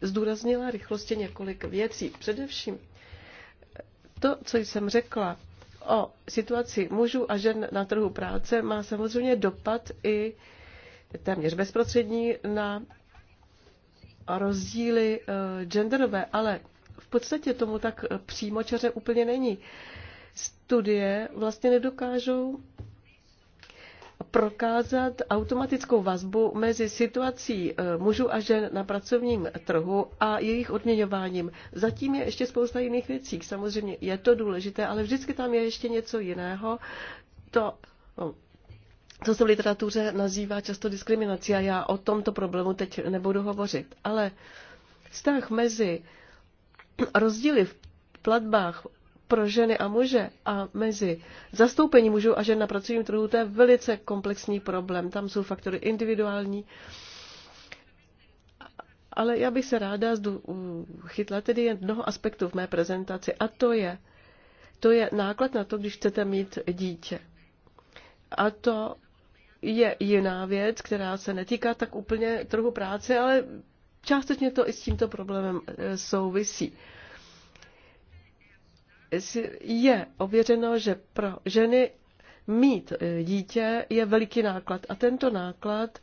zdůraznila rychlostě několik věcí. Především eh, to, co jsem řekla o situaci mužů a žen na trhu práce, má samozřejmě dopad i téměř bezprostřední na rozdíly eh, genderové, ale v podstatě tomu tak eh, přímočaře úplně není. Studie vlastně nedokážou prokázat automatickou vazbu mezi situací eh, mužů a žen na pracovním trhu a jejich odměňováním. Zatím je ještě spousta jiných věcí. Samozřejmě je to důležité, ale vždycky tam je ještě něco jiného. To no, co se v literatuře nazývá často diskriminací a já o tomto problému teď nebudu hovořit. Ale vztah mezi rozdíly v platbách pro ženy a muže a mezi zastoupení mužů a žen na pracovním trhu, to je velice komplexní problém. Tam jsou faktory individuální. Ale já bych se ráda chytla tedy jednoho aspektu v mé prezentaci a to je, to je náklad na to, když chcete mít dítě. A to je jiná věc, která se netýká tak úplně trhu práce, ale částečně to i s tímto problémem eh, souvisí. Je ověřeno, že pro ženy mít eh, dítě je veliký náklad a tento náklad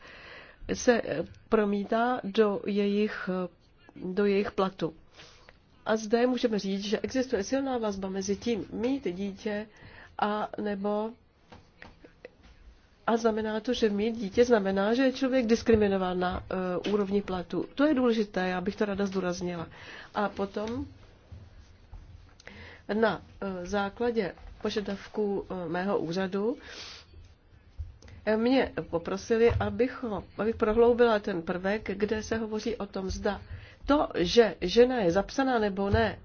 se eh, promítá do jejich, do jejich platu. A zde můžeme říct, že existuje silná vazba mezi tím mít dítě a nebo a znamená to, že mít dítě znamená, že je člověk diskriminován na uh, úrovni platu. To je důležité, já bych to rada zdůraznila. A potom na uh, základě požadavků uh, mého úřadu mě poprosili, abych, ho, abych prohloubila ten prvek, kde se hovoří o tom, zda to, že žena je zapsaná nebo ne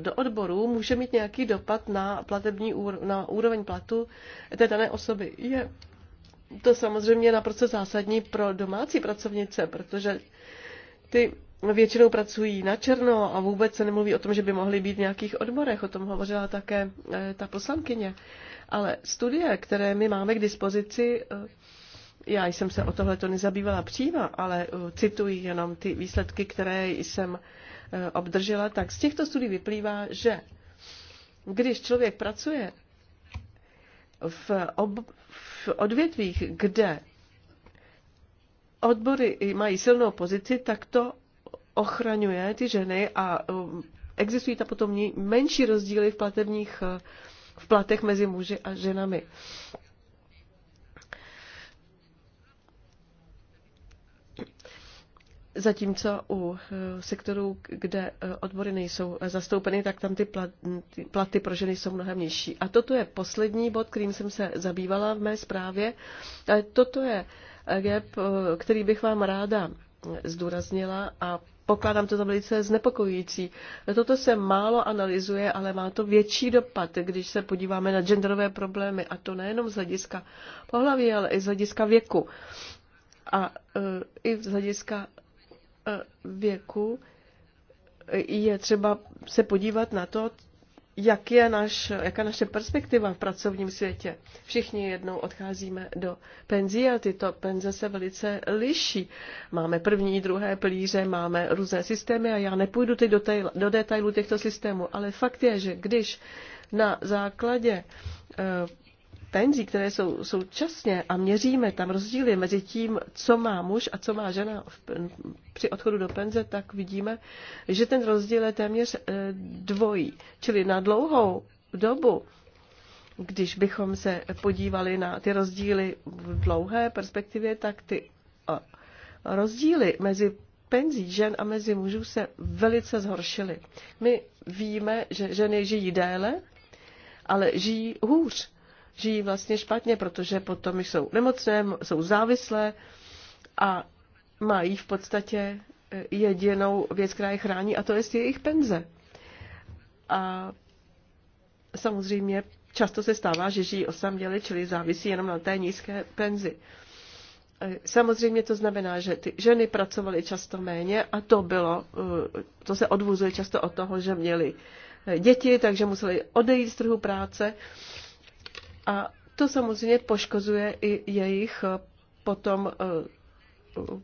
do odboru, může mít nějaký dopad na, platební, na úroveň platu té dané osoby. Je to samozřejmě je naprosto zásadní pro domácí pracovnice, protože ty většinou pracují na černo a vůbec se nemluví o tom, že by mohly být v nějakých odborech. O tom hovořila také eh, ta poslankyně. Ale studie, které my máme k dispozici, eh, já jsem se o tohle to nezabývala přímo, ale eh, cituji jenom ty výsledky, které jsem obdržela, tak z těchto studií vyplývá, že když člověk pracuje v, ob, v v odvětvích, kde odbory mají silnou pozici, tak to ochraňuje ty ženy a um, existují tam potom menší rozdíly v platebních v platech mezi muži a ženami. Zatímco u eh, sektorů, kde eh, odbory nejsou eh, zastoupeny, tak tam ty platy pro ženy jsou mnohem nižší. A toto je poslední bod, kterým jsem se zabývala v mé zprávě. A toto je gap, který bych vám ráda zdůraznila a pokládám to za velice znepokojující. Toto se málo analyzuje, ale má to větší dopad, když se podíváme na genderové problémy, a to nejenom z hlediska pohlaví, ale i z hlediska věku a i z hlediska věku je třeba se podívat na to, jak je naš, jaká naše perspektiva v pracovním světě. Všichni jednou odcházíme do penzí a tyto penze se velice liší. Máme první, druhé pilíře, máme různé systémy a já nepůjdu teď do, tej, do detailu těchto systémů, ale fakt je, že když na základě eh, penzí, které jsou současně a měříme tam rozdíly mezi tím, co má muž a co má žena v, při odchodu do penze, tak vidíme, že ten rozdíl je téměř eh, dvojí. Čili na dlouhou dobu, když bychom se podívali na ty rozdíly v dlouhé perspektivě, tak ty rozdíly mezi penzí žen a mezi mužů se velice zhoršily. My víme, že ženy žijí déle, ale žijí hůř žijí vlastně špatně, protože potom jsou nemocné, jsou závislé a mají v podstatě eh, jedinou věc, která je chrání, a to je jejich penze. A samozřejmě často se stává, že žijí osaměle, čili závisí jenom na té nízké penzi. Eh, samozřejmě to znamená, že ty ženy pracovaly často méně a to bylo, eh, to se odvozuje často od toho, že měly děti, takže museli odejít z trhu práce a to samozřejmě poškozuje i jejich eh, potom eh,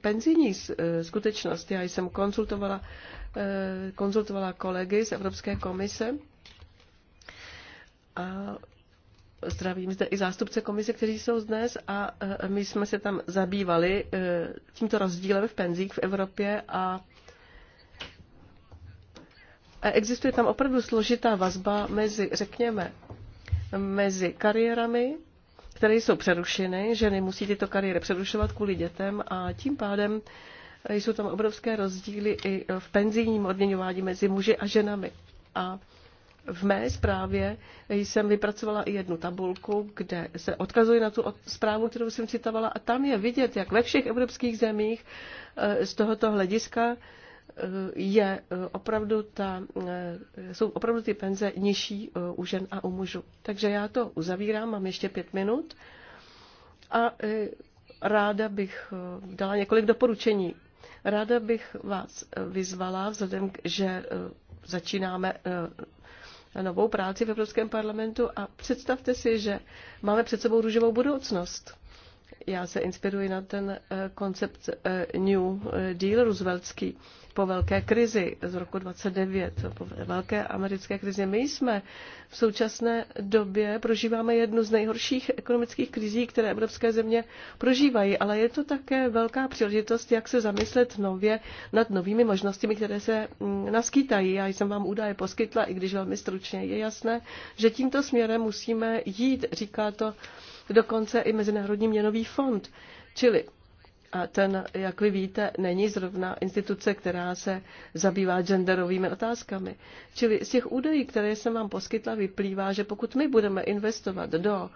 penzijní eh, skutečnost. Já jsem konzultovala, konzultovala kolegy z Evropské komise a zdravím zde i zástupce komise, kteří jsou dnes a my jsme se tam zabývali tímto rozdílem v penzích v Evropě a existuje tam opravdu složitá vazba mezi, řekněme, mezi kariérami, které jsou přerušeny. Ženy musí tyto kariéry přerušovat kvůli dětem a tím pádem jsou tam obrovské rozdíly i v penzijním odměňování mezi muži a ženami. A v mé zprávě jsem vypracovala i jednu tabulku, kde se odkazuje na tu zprávu, kterou jsem citovala a tam je vidět, jak ve všech evropských zemích eh, z tohoto hlediska je eh, opravdu ta, eh, jsou opravdu ty penze nižší eh, u žen a u mužů. Takže já to uzavírám, mám ještě pět minut a ráda bych dala několik doporučení. Ráda bych vás vyzvala, vzhledem, že začínáme novou práci v Evropském parlamentu a představte si, že máme před sebou růžovou budoucnost já se inspiruji na ten eh, koncept eh, New Deal Rooseveltský po velké krizi z roku 29, po velké americké krizi. My jsme v současné době prožíváme jednu z nejhorších ekonomických krizí, které evropské země prožívají, ale je to také velká příležitost, jak se zamyslet nově nad novými možnostmi, které se mm, naskýtají. Já jsem vám údaje poskytla, i když velmi stručně je jasné, že tímto směrem musíme jít, říká to dokonce i Mezinárodní měnový fond. Čili a ten, jak vy víte, není zrovna instituce, která se zabývá genderovými otázkami. Čili z těch údajů, které jsem vám poskytla, vyplývá, že pokud my budeme investovat do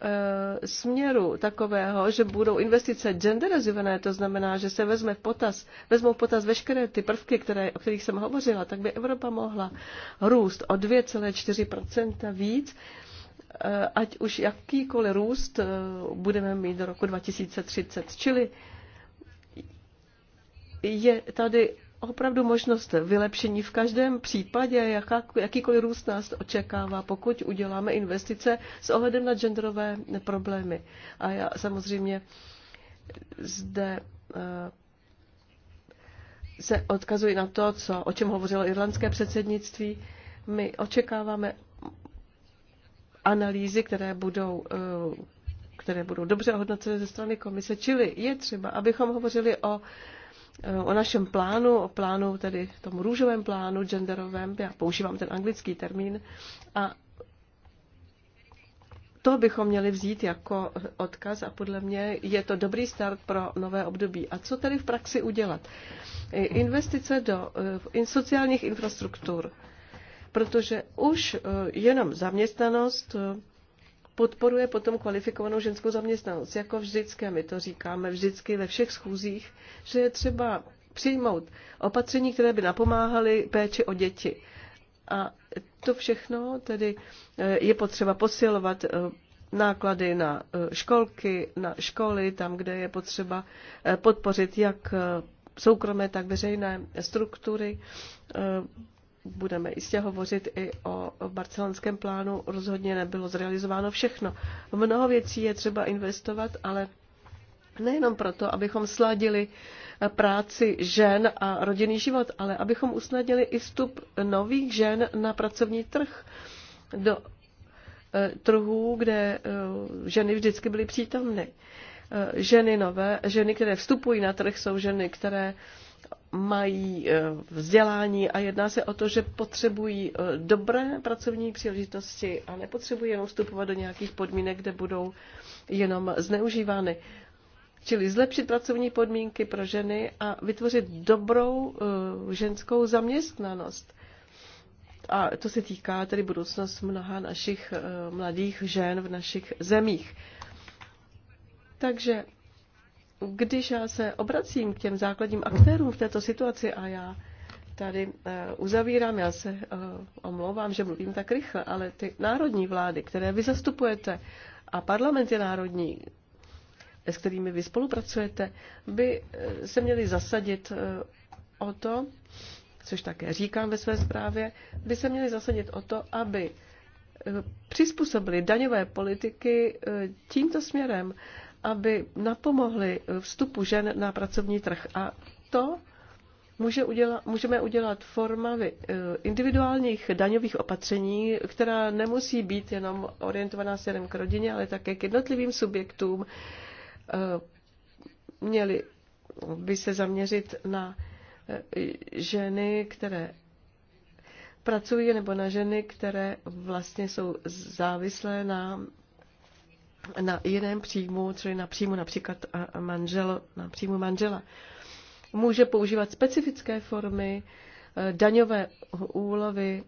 e, směru takového, že budou investice genderizované, to znamená, že se vezme v potaz, vezmou v potaz veškeré ty prvky, které, o kterých jsem hovořila, tak by Evropa mohla růst o 2,4% víc Eh, ať už jakýkoliv růst eh, budeme mít do roku 2030. Čili je tady opravdu možnost vylepšení v každém případě, jaká, jakýkoliv růst nás očekává, pokud uděláme investice s ohledem na genderové problémy. A já samozřejmě zde eh, se odkazuji na to, co, o čem hovořilo irlandské předsednictví. My očekáváme analýzy, které budou eh, které budou dobře hodnoceny ze strany komise. Čili je třeba, abychom hovořili o, eh, o našem plánu, o plánu, tedy tom růžovém plánu, genderovém, já používám ten anglický termín, a to bychom měli vzít jako odkaz a podle mě je to dobrý start pro nové období. A co tedy v praxi udělat? Eh, investice do sociálních infrastruktur protože už eh, jenom zaměstnanost eh, podporuje potom kvalifikovanou ženskou zaměstnanost. Jako vždycky, my to říkáme vždycky ve všech schůzích, že je třeba přijmout opatření, které by napomáhaly péči o děti. A to všechno tedy eh, je potřeba posilovat náklady na školky, na školy, tam, kde je potřeba podpořit jak soukromé, tak veřejné struktury, budeme jistě hovořit i o barcelonském plánu, rozhodně nebylo zrealizováno všechno. Mnoho věcí je třeba investovat, ale nejenom proto, abychom sladili eh, práci žen a rodinný život, ale abychom usnadnili i vstup nových žen na pracovní trh do eh, trhů, kde eh, ženy vždycky byly přítomny. Ženy nové, ženy, které vstupují na trh, jsou ženy, které uh, mají eh, vzdělání a jedná se o to, že potřebují eh, dobré pracovní příležitosti a nepotřebují jenom vstupovat do nějakých podmínek, kde budou jenom zneužívány. Čili zlepšit pracovní podmínky pro ženy a vytvořit dobrou eh, ženskou zaměstnanost. A to se týká tedy budoucnost mnoha našich mladých žen v našich zemích. Takže když já se obracím k těm základním aktérům v této situaci a já tady eh, uzavírám, já se eh, omlouvám, že mluvím tak rychle, ale ty národní vlády, které vy zastupujete a parlamenty národní, s kterými vy spolupracujete, by eh, se měly zasadit o to, což také říkám ve své zprávě, by se měly zasadit o to, aby přizpůsobili daňové politiky tímto směrem, aby napomohly vstupu žen na pracovní trh. A to může udělat, můžeme udělat formami eh, individuálních daňových opatření, která nemusí být jenom orientovaná směrem k rodině, ale také k jednotlivým subjektům. Eh, Měli by se zaměřit na eh, ženy, které pracují, nebo na ženy, které vlastně jsou závislé na na jiném příjmu, tedy na příjmu například manžel, na příjmu manžela. Může používat specifické formy, e, daňové úlovy,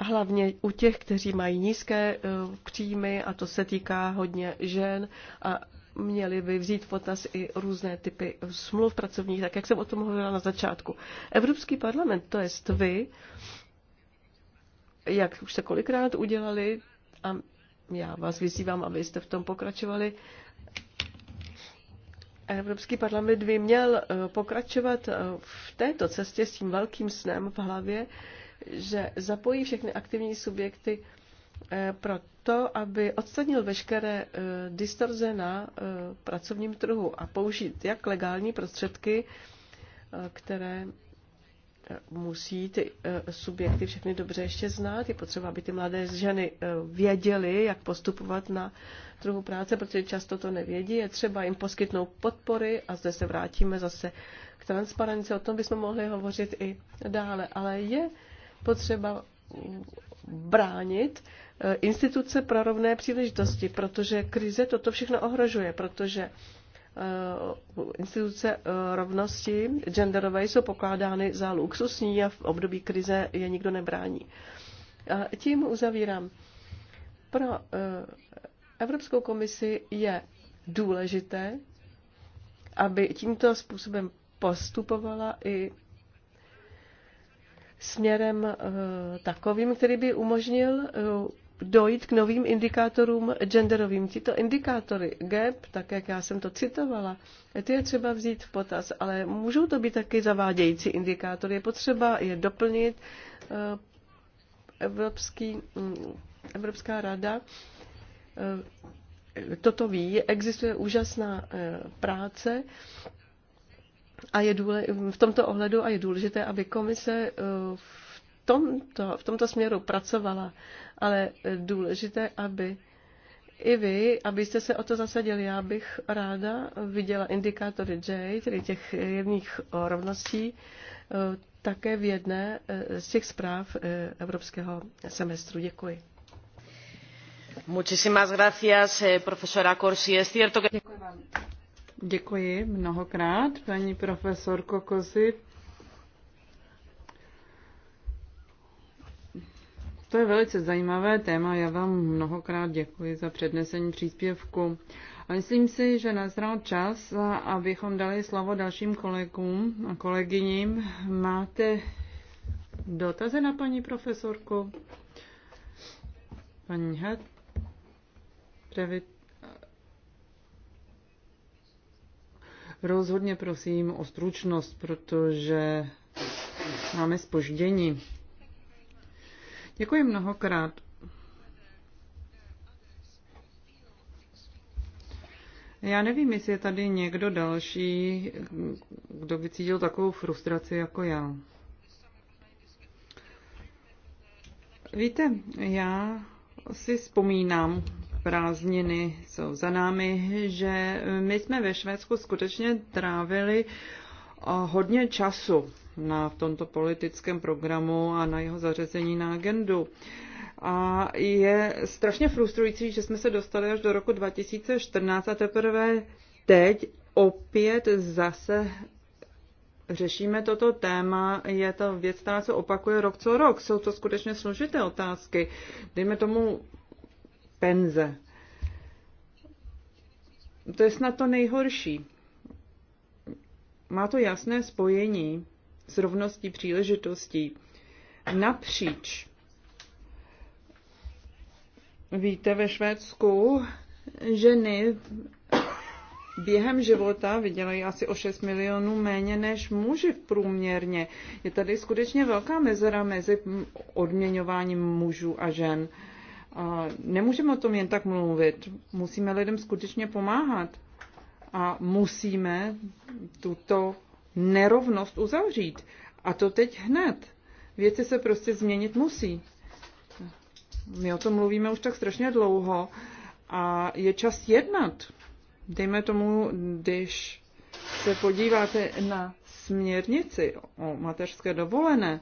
hlavně u těch, kteří mají nízké e, příjmy, a to se týká hodně žen, a měli by vzít v potaz i různé typy smluv pracovních, tak jak jsem o tom hovořila na začátku. Evropský parlament, to jest vy, jak už se kolikrát udělali, a já vás vyzývám, abyste v tom pokračovali. Evropský parlament by měl eh, pokračovat eh, v této cestě s tím velkým snem v hlavě, že zapojí všechny aktivní subjekty eh, pro to, aby odstranil veškeré distorze na pracovním trhu a použít jak legální prostředky, které musí ty eh, subjekty všechny dobře ještě znát. Je potřeba, aby ty mladé ženy eh, věděly, jak postupovat na trhu práce, protože často to nevědí. Je třeba jim poskytnout podpory a zde se vrátíme zase k transparenci. O tom bychom mohli hovořit i dále, ale je potřeba bránit eh, instituce pro rovné příležitosti, protože krize toto všechno ohrožuje, protože Eh, instituce eh, rovnosti genderové jsou pokládány za luxusní a v období krize je nikdo nebrání. A eh, tím uzavírám. Pro Evropskou komisi je důležité, aby tímto způsobem postupovala i směrem takovým, který by umožnil dojít k novým indikátorům genderovým. Tito indikátory GAP, e tak jak já jsem to citovala, ty je třeba vzít v potaz, ale můžou to být taky zavádějící indikátory. Je potřeba je doplnit. Eh, Evropský, mm, Evropská rada eh, toto ví, existuje úžasná eh, práce a je důle, v tomto ohledu a je důležité, aby komise v tomto, v tomto směru pracovala ale eh, důležité, aby i vy, abyste se o to zasadili. Já bych ráda viděla indikátory J, tedy těch jedných rovností, eh, také v jedné eh, z těch zpráv evropského semestru. Děkuji. Muchísimas gracias, profesora Corsi. Es cierto que... Děkuji vám. Děkuji mnohokrát, paní profesorko Kozit. To je velice zajímavé téma. Já vám mnohokrát děkuji za přednesení příspěvku. A myslím si, že nazral čas, abychom dali slovo dalším kolegům a kolegyním. Máte dotazy na paní profesorku? Paní Hed? Previt? Rozhodně prosím o stručnost, protože máme spoždění. Děkuji mnohokrát. Já nevím, jestli je tady někdo další, kdo by cítil takovou frustraci jako já. Víte, já si vzpomínám prázdniny jsou za námi, že my jsme ve Švédsku skutečně trávili eh, hodně času na, v tomto politickém programu a na jeho zařazení na agendu. A je strašně frustrující, že jsme se dostali až do roku 2014 a teprve teď opět zase řešíme toto téma, je to věc, která se opakuje rok co rok. Jsou to skutečně složité otázky. Dejme tomu penze. To je snad to nejhorší. Má to jasné spojení s rovností příležitostí napříč. Víte, ve Švédsku ženy během života vydělají asi o 6 milionů méně než muži v průměrně. Je tady skutečně velká mezera mezi odměňováním mužů a žen. A nemůžeme o tom jen tak mluvit. Musíme lidem skutečně pomáhat. A musíme tuto nerovnost uzavřít. A to teď hned. Věci se prostě změnit musí. My o tom mluvíme už tak strašně dlouho a je čas jednat. Dejme tomu, když se podíváte na směrnici o mateřské dovolené,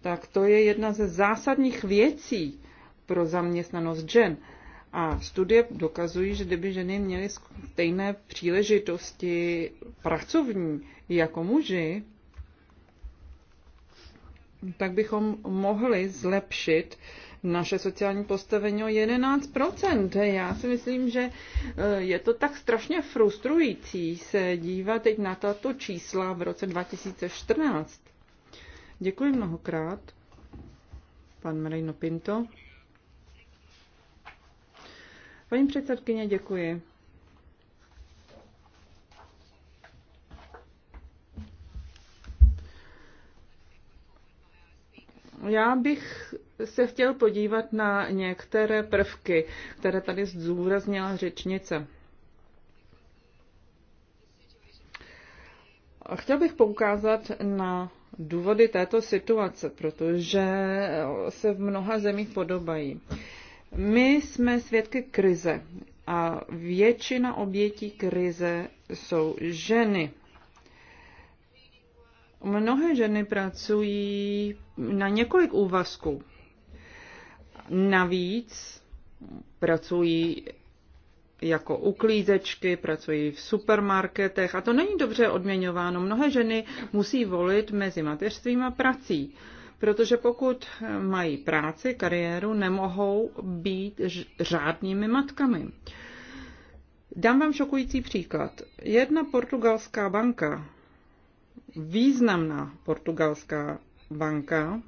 tak to je jedna ze zásadních věcí pro zaměstnanost žen. A studie dokazují, že kdyby ženy měly stejné příležitosti pracovní, jako muži, tak bychom mohli zlepšit naše sociální postavení o 11%. Já si myslím, že eh, je to tak strašně frustrující se dívat teď na tato čísla v roce 2014. Děkuji mnohokrát, pan Marino Pinto. Paní předsedkyně, děkuji. Já bych se chtěl podívat na některé prvky, které tady zdůraznila řečnice. Chtěl bych poukázat na důvody této situace, protože se v mnoha zemích podobají. My jsme svědky krize a většina obětí krize jsou ženy. Mnohé ženy pracují na několik úvazků. Navíc pracují jako uklízečky, pracují v supermarketech a to není dobře odměňováno. Mnohé ženy musí volit mezi mateřstvím a prací, protože pokud mají práci, kariéru, nemohou být řádnými matkami. Dám vám šokující příklad. Jedna portugalská banka významná portugalská banka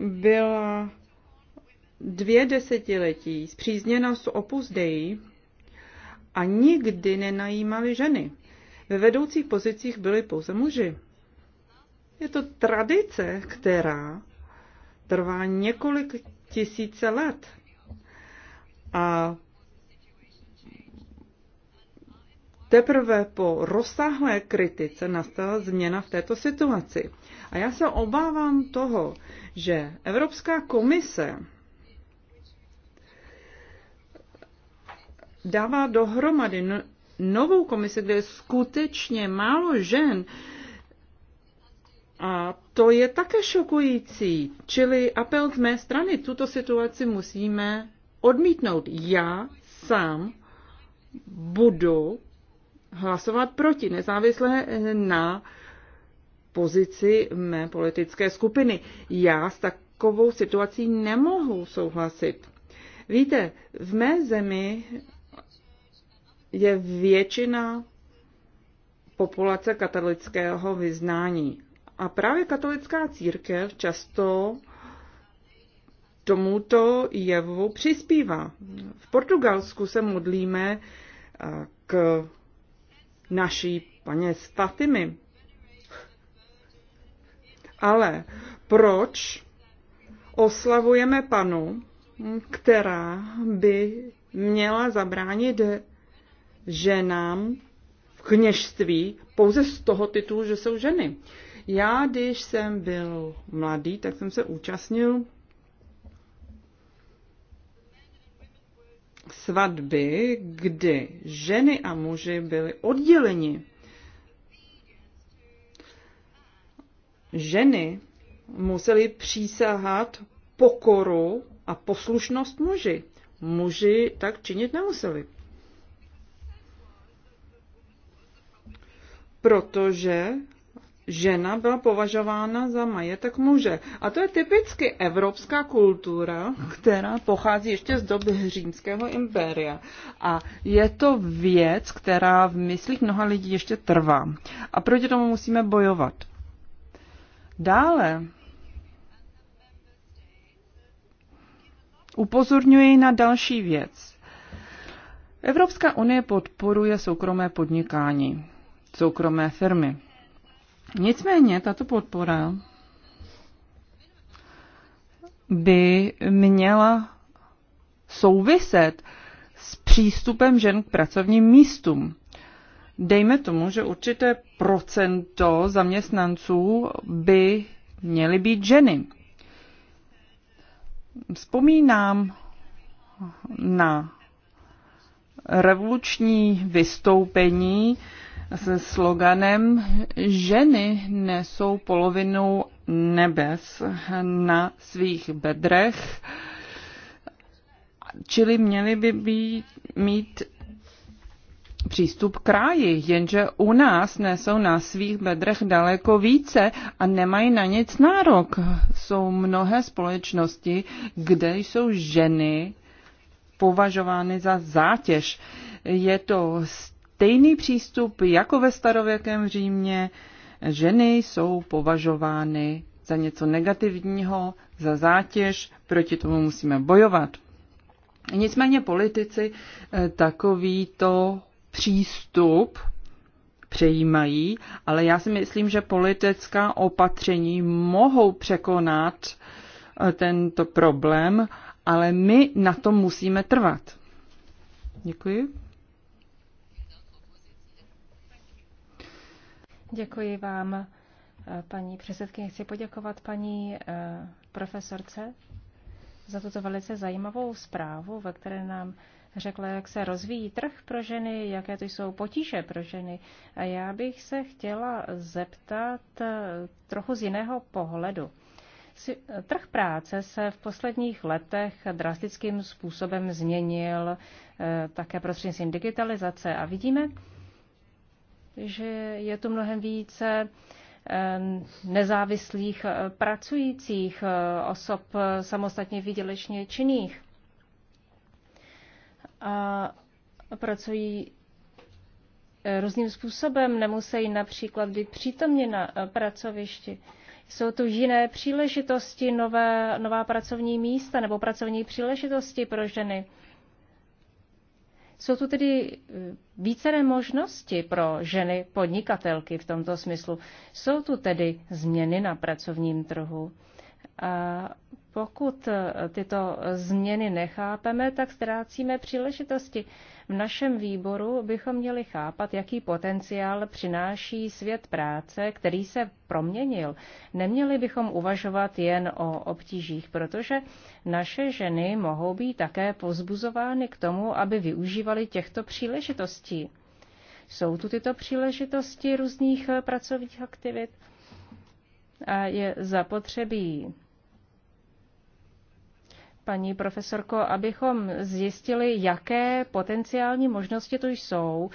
byla dvě desetiletí zpřízněna s Opus Dei a nikdy nenajímali ženy. Ve vedoucích pozicích byli pouze muži. Je to tradice, která trvá několik tisíce let. A Teprve po rozsáhlé kritice nastala změna v této situaci. A já se obávám toho, že Evropská komise dává dohromady novou komisi, kde je skutečně málo žen, a to je také šokující. Čili apel z mé strany, tuto situaci musíme odmítnout. Já sám budu hlasovat proti, nezávisle eh, na pozici mé politické skupiny. Já s takovou situací nemohu souhlasit. Víte, v mé zemi je většina populace katolického vyznání. A právě katolická církev často tomuto jevu přispívá. V Portugalsku se modlíme eh, k naší paně z Fatimy. Ale proč oslavujeme panu, která by měla zabránit ženám v kněžství pouze z toho titulu, že jsou ženy. Já, když jsem byl mladý, tak jsem se účastnil svatby, kdy ženy a muži byli odděleni. Ženy museli přísahat pokoru a poslušnost muži. Muži tak činit nemuseli. Protože žena byla považována za majetek muže. A to je typicky evropská kultura, která pochází ještě z doby římského impéria. A je to věc, která v myslích mnoha lidí ještě trvá. A proti tomu musíme bojovat. Dále upozorňuji na další věc. Evropská unie podporuje soukromé podnikání, soukromé firmy. Nicméně tato podpora by měla souviset s přístupem žen k pracovním místům. Dejme tomu, že určité procento zaměstnanců by měly být ženy. Vzpomínám na revoluční vystoupení se sloganem Ženy nesou polovinu nebes na svých bedrech, čili měly by být, mít přístup k ráji, jenže u nás nesou na svých bedrech daleko více a nemají na nic nárok. Jsou mnohé společnosti, kde jsou ženy považovány za zátěž. Je to stejný přístup jako ve starověkém Římě. Ženy jsou považovány za něco negativního, za zátěž, proti tomu musíme bojovat. Nicméně politici eh, takovýto přístup přejímají, ale já si myslím, že politická opatření mohou překonat eh, tento problém, ale my na tom musíme trvat. Děkuji. Děkuji vám, eh, paní předsedkyně. Chci poděkovat paní eh, profesorce za tuto velice zajímavou zprávu, ve které nám řekla, jak se rozvíjí trh pro ženy, jaké to jsou potíže pro ženy. A já bych se chtěla zeptat eh, trochu z jiného pohledu. Trh práce se v posledních letech drastickým způsobem změnil také prostřednictvím digitalizace a vidíme, že je tu mnohem více nezávislých eh, pracujících eh, osob eh, samostatně výdělečně činných. A pracují různým způsobem, nemusí například být přítomně na pracovišti. Jsou tu jiné příležitosti, nové, nová pracovní místa nebo pracovní příležitosti pro ženy. Jsou tu tedy eh, více možnosti pro ženy podnikatelky v tomto smyslu. Jsou tu tedy změny na pracovním trhu pokud e, tyto změny nechápeme, tak ztrácíme příležitosti. V našem výboru bychom měli chápat, jaký potenciál přináší svět práce, který se proměnil. Neměli bychom uvažovat jen o obtížích, protože naše ženy mohou být také pozbuzovány k tomu, aby využívali těchto příležitostí. Jsou tu tyto příležitosti různých e, pracovních aktivit a je zapotřebí paní profesorko, abychom zjistili, jaké potenciální možnosti tu jsou,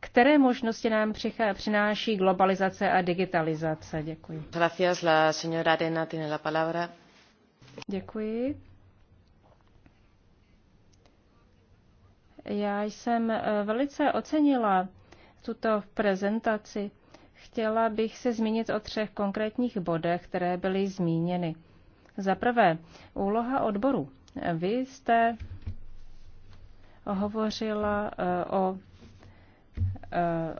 které možnosti nám přináší globalizace a digitalizace. Děkuji. Gracias, la señora Arena tiene la palabra. Děkuji. Já jsem eh, velice ocenila tuto prezentaci. Chtěla bych se zmínit o třech konkrétních bodech, které byly zmíněny. Za prvé, úloha odboru. Vy jste hovořila eh, o, eh,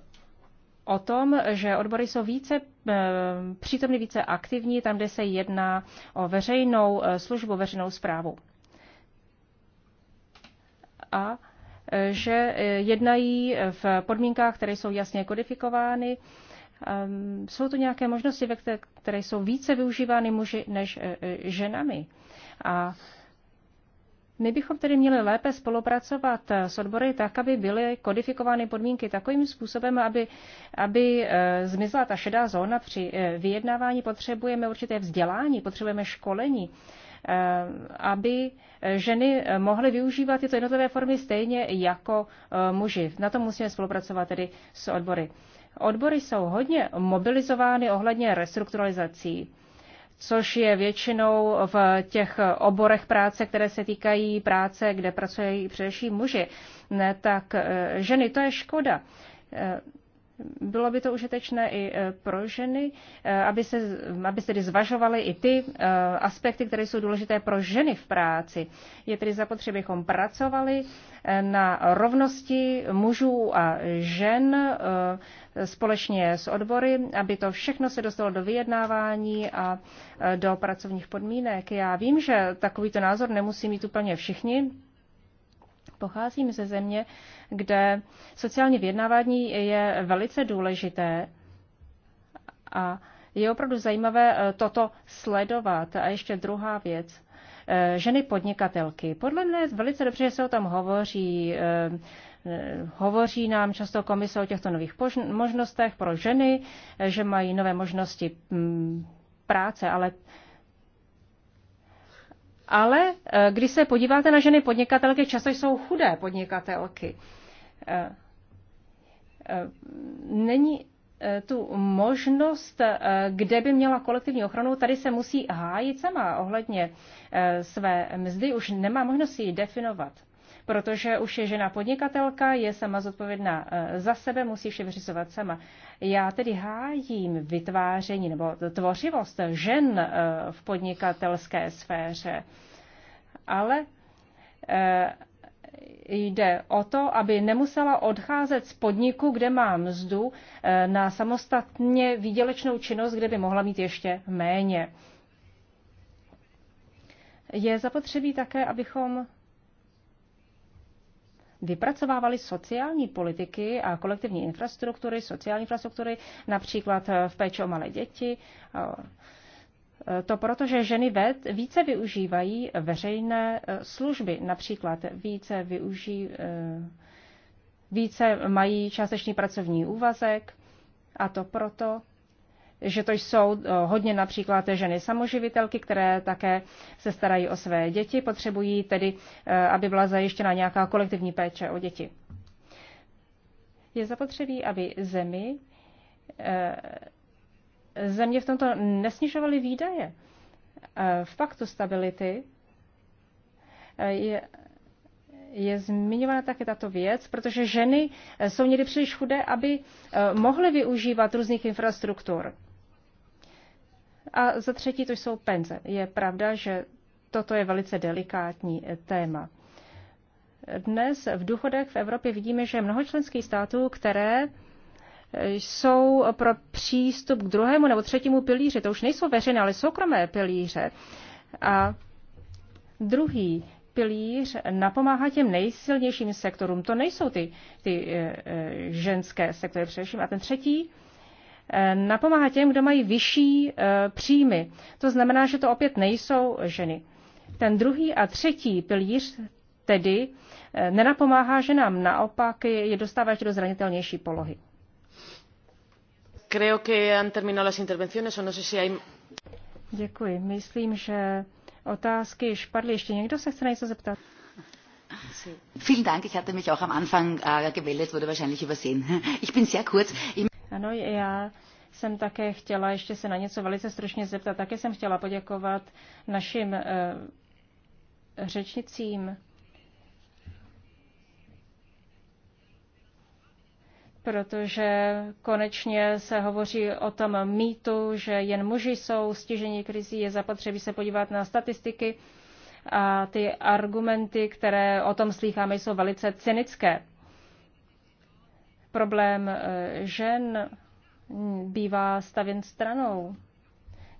o tom, že odbory jsou více eh, přítomny, více aktivní tam, kde se jedná o veřejnou službu, veřejnou zprávu. A že jednají v podmínkách, které jsou jasně kodifikovány. Ehm, jsou tu nějaké možnosti, které jsou více využívány muži než ženami. A my bychom tedy měli lépe spolupracovat s odbory tak, aby byly kodifikovány podmínky takovým způsobem, aby, aby e, zmizela ta šedá zóna při e, vyjednávání. Potřebujeme určité vzdělání, potřebujeme školení, e, aby ženy mohly využívat tyto jednotlivé formy stejně jako muži. Na tom musíme spolupracovat tedy s odbory. Odbory jsou hodně mobilizovány ohledně restrukturalizací což je většinou v těch oborech práce, které se týkají práce, kde pracují především muži, ne tak eh, ženy. To je škoda. Eh, bylo by to užitečné i e, pro ženy, e, aby se, aby se tedy zvažovaly i ty e, aspekty, které jsou důležité pro ženy v práci. Je tedy zapotřebí, abychom pracovali na rovnosti mužů a žen společně s odbory, aby to všechno se dostalo do vyjednávání a do pracovních podmínek. Já vím, že takovýto názor nemusí mít úplně všichni. Pocházím ze země, kde sociální vyjednávání je velice důležité a je opravdu zajímavé eh, toto sledovat. A ještě druhá věc. Eh, ženy podnikatelky. Podle mne velice dobře, že se o tom hovoří. Eh, hovoří nám často komise o těchto nových možnostech pro ženy, že mají nové možnosti mm, práce, ale ale eh, když se podíváte na ženy podnikatelky, často jsou chudé podnikatelky. Eh, eh, není tu možnost, kde by měla kolektivní ochranu, tady se musí hájit sama ohledně své mzdy, už nemá možnost ji definovat protože už je žena podnikatelka, je sama zodpovědná eh, za sebe, musí vše vyřizovat sama. Já tedy hájím vytváření nebo tvořivost žen eh, v podnikatelské sféře, ale eh, jde o to, aby nemusela odcházet z podniku, kde má mzdu, na samostatně výdělečnou činnost, kde by mohla mít ještě méně. Je zapotřebí také, abychom vypracovávali sociální politiky a kolektivní infrastruktury, sociální infrastruktury, například eh, v péči o malé děti. Eh, to proto, že ženy více využívají veřejné eh, služby, například více využí, více mají částečný pracovní úvazek, a to proto, že to jsou eh, hodně například ženy samoživitelky, které také se starají o své děti, potřebují tedy, eh, aby byla zajištěna nějaká kolektivní péče o děti. Je zapotřebí, aby zemi, eh, země v tomto nesnižovaly výdaje. V paktu stability je, je zmiňována také tato věc, protože ženy jsou někdy příliš chudé, aby mohly využívat různých infrastruktur. A za třetí to jsou penze. Je pravda, že toto je velice delikátní eh, téma. Dnes v důchodech v Evropě vidíme, že mnoho členských států, které eh, jsou pro přístup k druhému nebo třetímu pilíři, to už nejsou veřejné, ale soukromé pilíře. A druhý pilíř napomáhá těm nejsilnějším sektorům. To nejsou ty, ty eh, ženské sektory především. A ten třetí Eh, napomáhá těm, kdo mají vyšší eh, příjmy. To znamená, že to opět nejsou ženy. Ten druhý a třetí pilíř tedy eh, nenapomáhá ženám, naopak je dostává do zranitelnější polohy. Creo que han terminado las intervenciones, o no sé si hay... Děkuji. Myslím, že otázky již padly. Ještě někdo se chce na něco zeptat? Vielen Dank. Ich hatte mich auch am Anfang äh, gemeldet, wurde wahrscheinlich übersehen. Ich bin sehr kurz. Ich ano, já jsem také chtěla ještě se na něco velice stručně zeptat. Také jsem chtěla poděkovat našim uh, řečnicím, protože konečně se hovoří o tom mýtu, že jen muži jsou stižení krizí, je zapotřebí se podívat na statistiky a ty argumenty, které o tom slýcháme, jsou velice cynické. Problém eh, žen bývá stavěn stranou,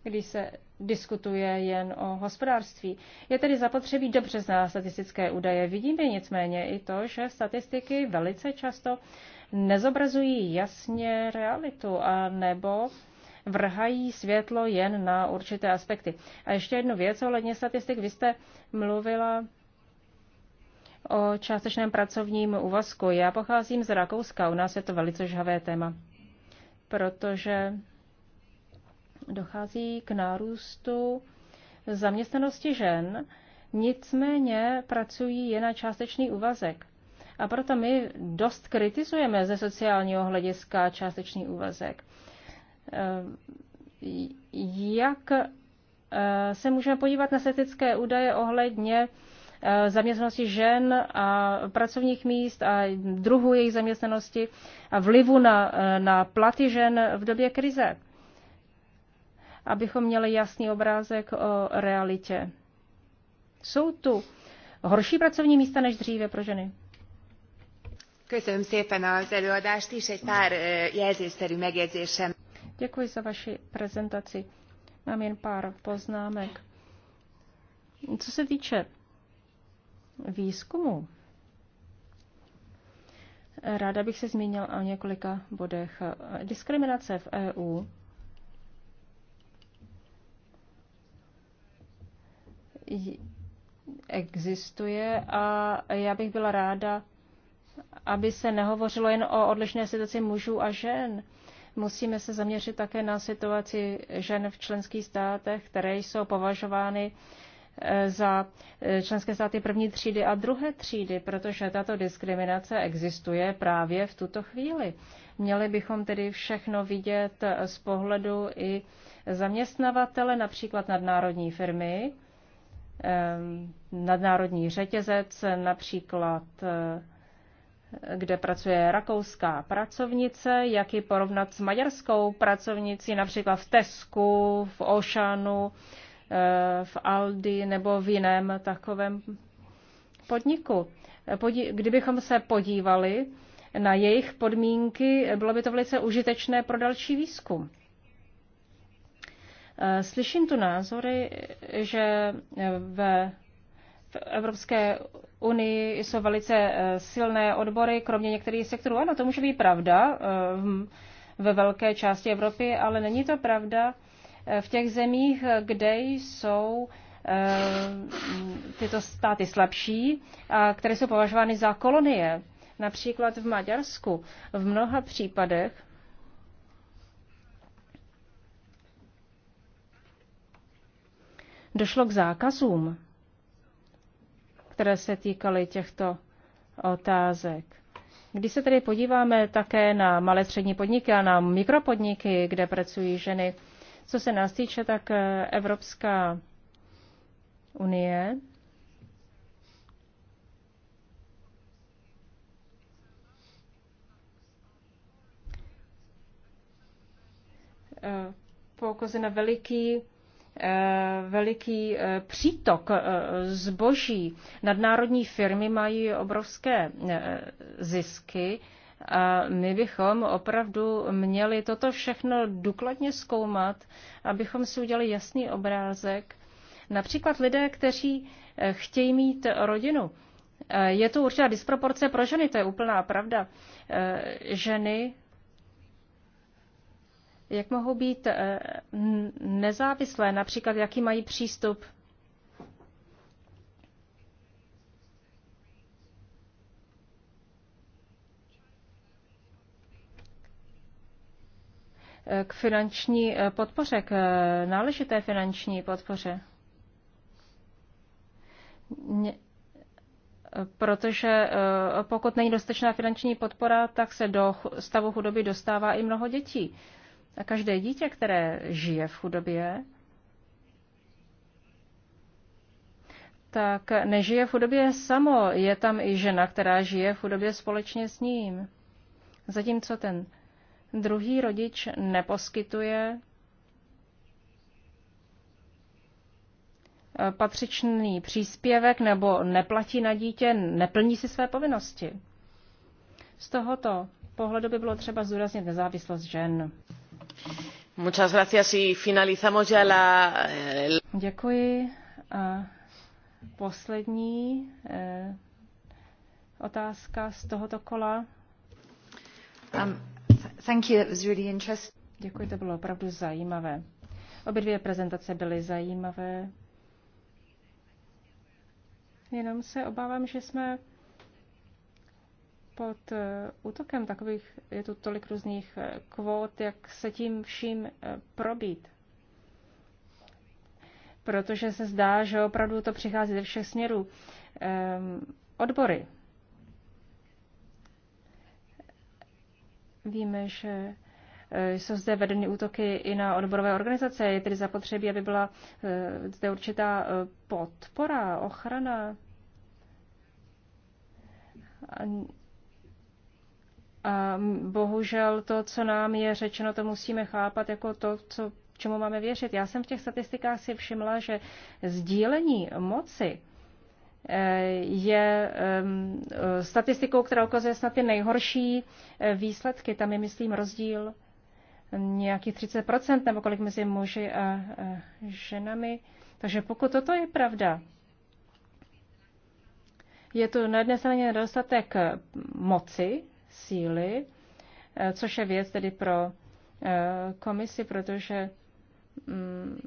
když se diskutuje jen o hospodářství. Je tedy zapotřebí dobře znát statistické údaje. Vidíme nicméně i to, že statistiky velice často nezobrazují jasně realitu a nebo vrhají světlo jen na určité aspekty. A ještě jednu věc ohledně statistik. Vy jste mluvila o částečném pracovním úvazku. Já pocházím z Rakouska, u nás je to velice žhavé téma, protože dochází k nárůstu zaměstnanosti žen, nicméně pracují jen na částečný úvazek. A proto my dost kritizujeme ze sociálního hlediska částečný úvazek. Eh, jak eh, se můžeme podívat na statické údaje ohledně Eh, zaměstnanosti žen a pracovních míst a druhu jejich zaměstnanosti a vlivu na, eh, na platy žen v době krize, abychom měli jasný obrázek o realitě. Jsou tu horší pracovní místa než dříve pro ženy? Köszönöm szépen az előadást is, egy pár eh, jelzésszerű megjegyzésem. Děkuji za vaši prezentaci. Mám jen pár poznámek. Co se týče výzkumu. Ráda bych se zmínil o několika bodech. Diskriminace v EU existuje a já bych byla ráda, aby se nehovořilo jen o odlišné situaci mužů a žen. Musíme se zaměřit také na situaci žen v členských státech, které jsou považovány Eh, za eh, členské státy první třídy a druhé třídy, protože tato diskriminace existuje právě v tuto chvíli. Měli bychom tedy všechno vidět eh, z pohledu i zaměstnavatele, například nadnárodní firmy, nadnárodní řetězec, například kde pracuje rakouská pracovnice, jak ji porovnat s maďarskou pracovnicí, například v Tesku, v Ošanu, v Aldi nebo v jiném takovém podniku. Kdybychom se podívali na jejich podmínky, bylo by to velice užitečné pro další výzkum. Eh, slyším tu názory, že eh, ve v Evropské unii jsou velice eh, silné odbory, kromě některých sektorů. Ano, to může být pravda ve velké části Evropy, ale není to pravda v těch zemích, kde jsou eh, tyto státy slabší, a které jsou považovány za kolonie, například v Maďarsku. V mnoha případech došlo k zákazům, které se týkaly těchto otázek. Když se tedy podíváme také na malé střední podniky a na mikropodniky, kde pracují ženy, co se nás týče, tak eh, Evropská unie eh, poukazuje na veliký eh, veliký přítok zboží. Nadnárodní firmy mají obrovské zisky a my bychom opravdu měli toto všechno důkladně zkoumat, abychom si udělali jasný obrázek. Například lidé, kteří eh, chtějí mít rodinu. Eh, je tu určitá disproporce pro ženy, to je úplná pravda. Eh, ženy jak mohou být nezávislé, například jaký mají přístup k finanční eh, podpoře, k eh, náležité finanční podpoře. Eh, protože pokud není dostatečná finanční podpora, tak se do stavu chudoby dostává i mnoho dětí. A každé dítě, které žije v chudobě, tak nežije v chudobě samo, je tam i žena, která žije v chudobě společně s ním. Zatímco ten druhý rodič neposkytuje eh, patřičný příspěvek nebo neplatí na dítě, neplní si své povinnosti. Z tohoto pohledu by bylo třeba zúraznit nezávislost žen. Muchas gracias y finalizamos ya la... Eh, Děkuji. A poslední eh, otázka z tohoto kola. Um. Thank you. was really interesting. Děkuji, to bylo opravdu zajímavé. Obě dvě prezentace byly zajímavé. Jenom se obávám, že jsme pod eh, útokem takových, je tu tolik různých eh, kvót, jak se tím vším eh, probít. Protože se zdá, že opravdu to přichází ze všech směrů. Ehm, odbory Víme, že eh, jsou zde vedeny útoky i na odborové organizace. Je tedy zapotřebí, aby byla eh, zde určitá eh, podpora, ochrana. A bohužel to, co nám je řečeno, to musíme chápat jako to, co, čemu máme věřit. Já jsem v těch statistikách si všimla, že sdílení moci je e, statistikou, která ukazuje snad ty nejhorší e, výsledky. Tam je, myslím, rozdíl nějakých 30% nebo kolik mezi muži a ženami. Takže pokud toto je pravda, je tu na jedné straně nedostatek moci, síly, e, což je věc tedy pro komisi, protože mm,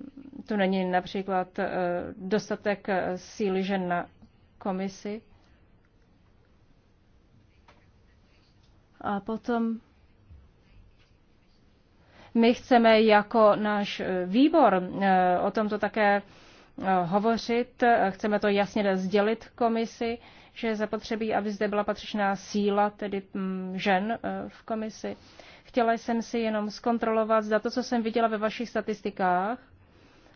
tu není například dostatek síly žen na komisi. A potom my chceme jako náš eh, výbor eh, o tomto také eh, hovořit, chceme to jasně sdělit komisi, že zapotřebí, aby zde byla patřičná síla, tedy mm, žen v komisi. Chtěla jsem si jenom zkontrolovat, zda to, co jsem viděla ve vašich statistikách,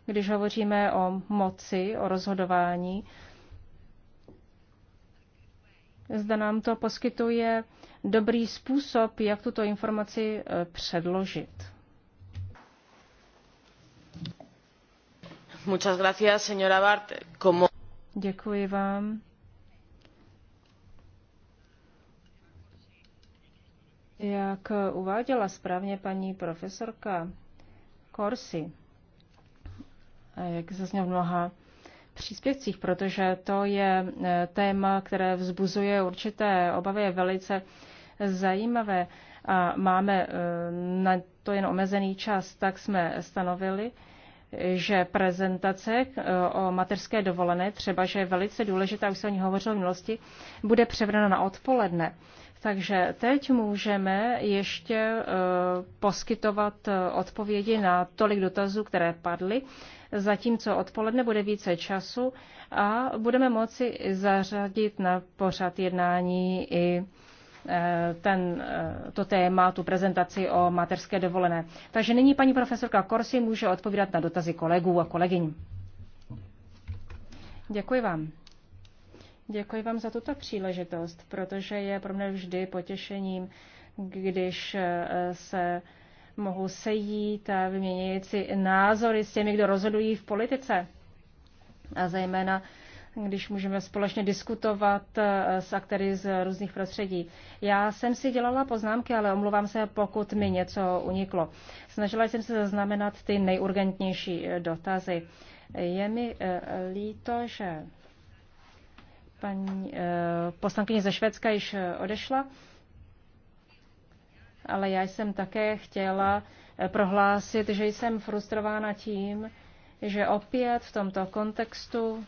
když hovoříme o moci, o rozhodování, zda nám to poskytuje dobrý způsob, jak tuto informaci e, předložit. Muchas gracias, señora Bart. Como... Děkuji vám. Jak uváděla správně paní profesorka Korsi, jak zazněl mnoha příspěvcích, protože to je eh, téma, které vzbuzuje určité obavy, je velice zajímavé a máme eh, na to jen omezený čas, tak jsme stanovili, že prezentace eh, o mateřské dovolené, třeba, že je velice důležitá, už se o ní hovořilo v minulosti, bude převrana na odpoledne. Takže teď můžeme ještě eh, poskytovat eh, odpovědi na tolik dotazů, které padly, zatímco odpoledne bude více času a budeme moci zařadit na pořad jednání i eh, ten, to téma, tu prezentaci o materské dovolené. Takže nyní paní profesorka Korsi může odpovídat na dotazy kolegů a kolegyň. Děkuji vám. Děkuji vám za tuto příležitost, protože je pro mě vždy potěšením, když eh, se mohu sejít a vyměnit si názory s těmi, kdo rozhodují v politice. A zejména, když můžeme společně diskutovat eh, s aktéry z různých prostředí. Já jsem si dělala poznámky, ale omluvám se, pokud mi něco uniklo. Snažila jsem se zaznamenat ty nejurgentnější eh, dotazy. Je mi líto, že Paní eh, poslankyně ze Švédska již eh, odešla, ale já jsem také chtěla eh, prohlásit, že jsem frustrována tím, že opět v tomto kontextu,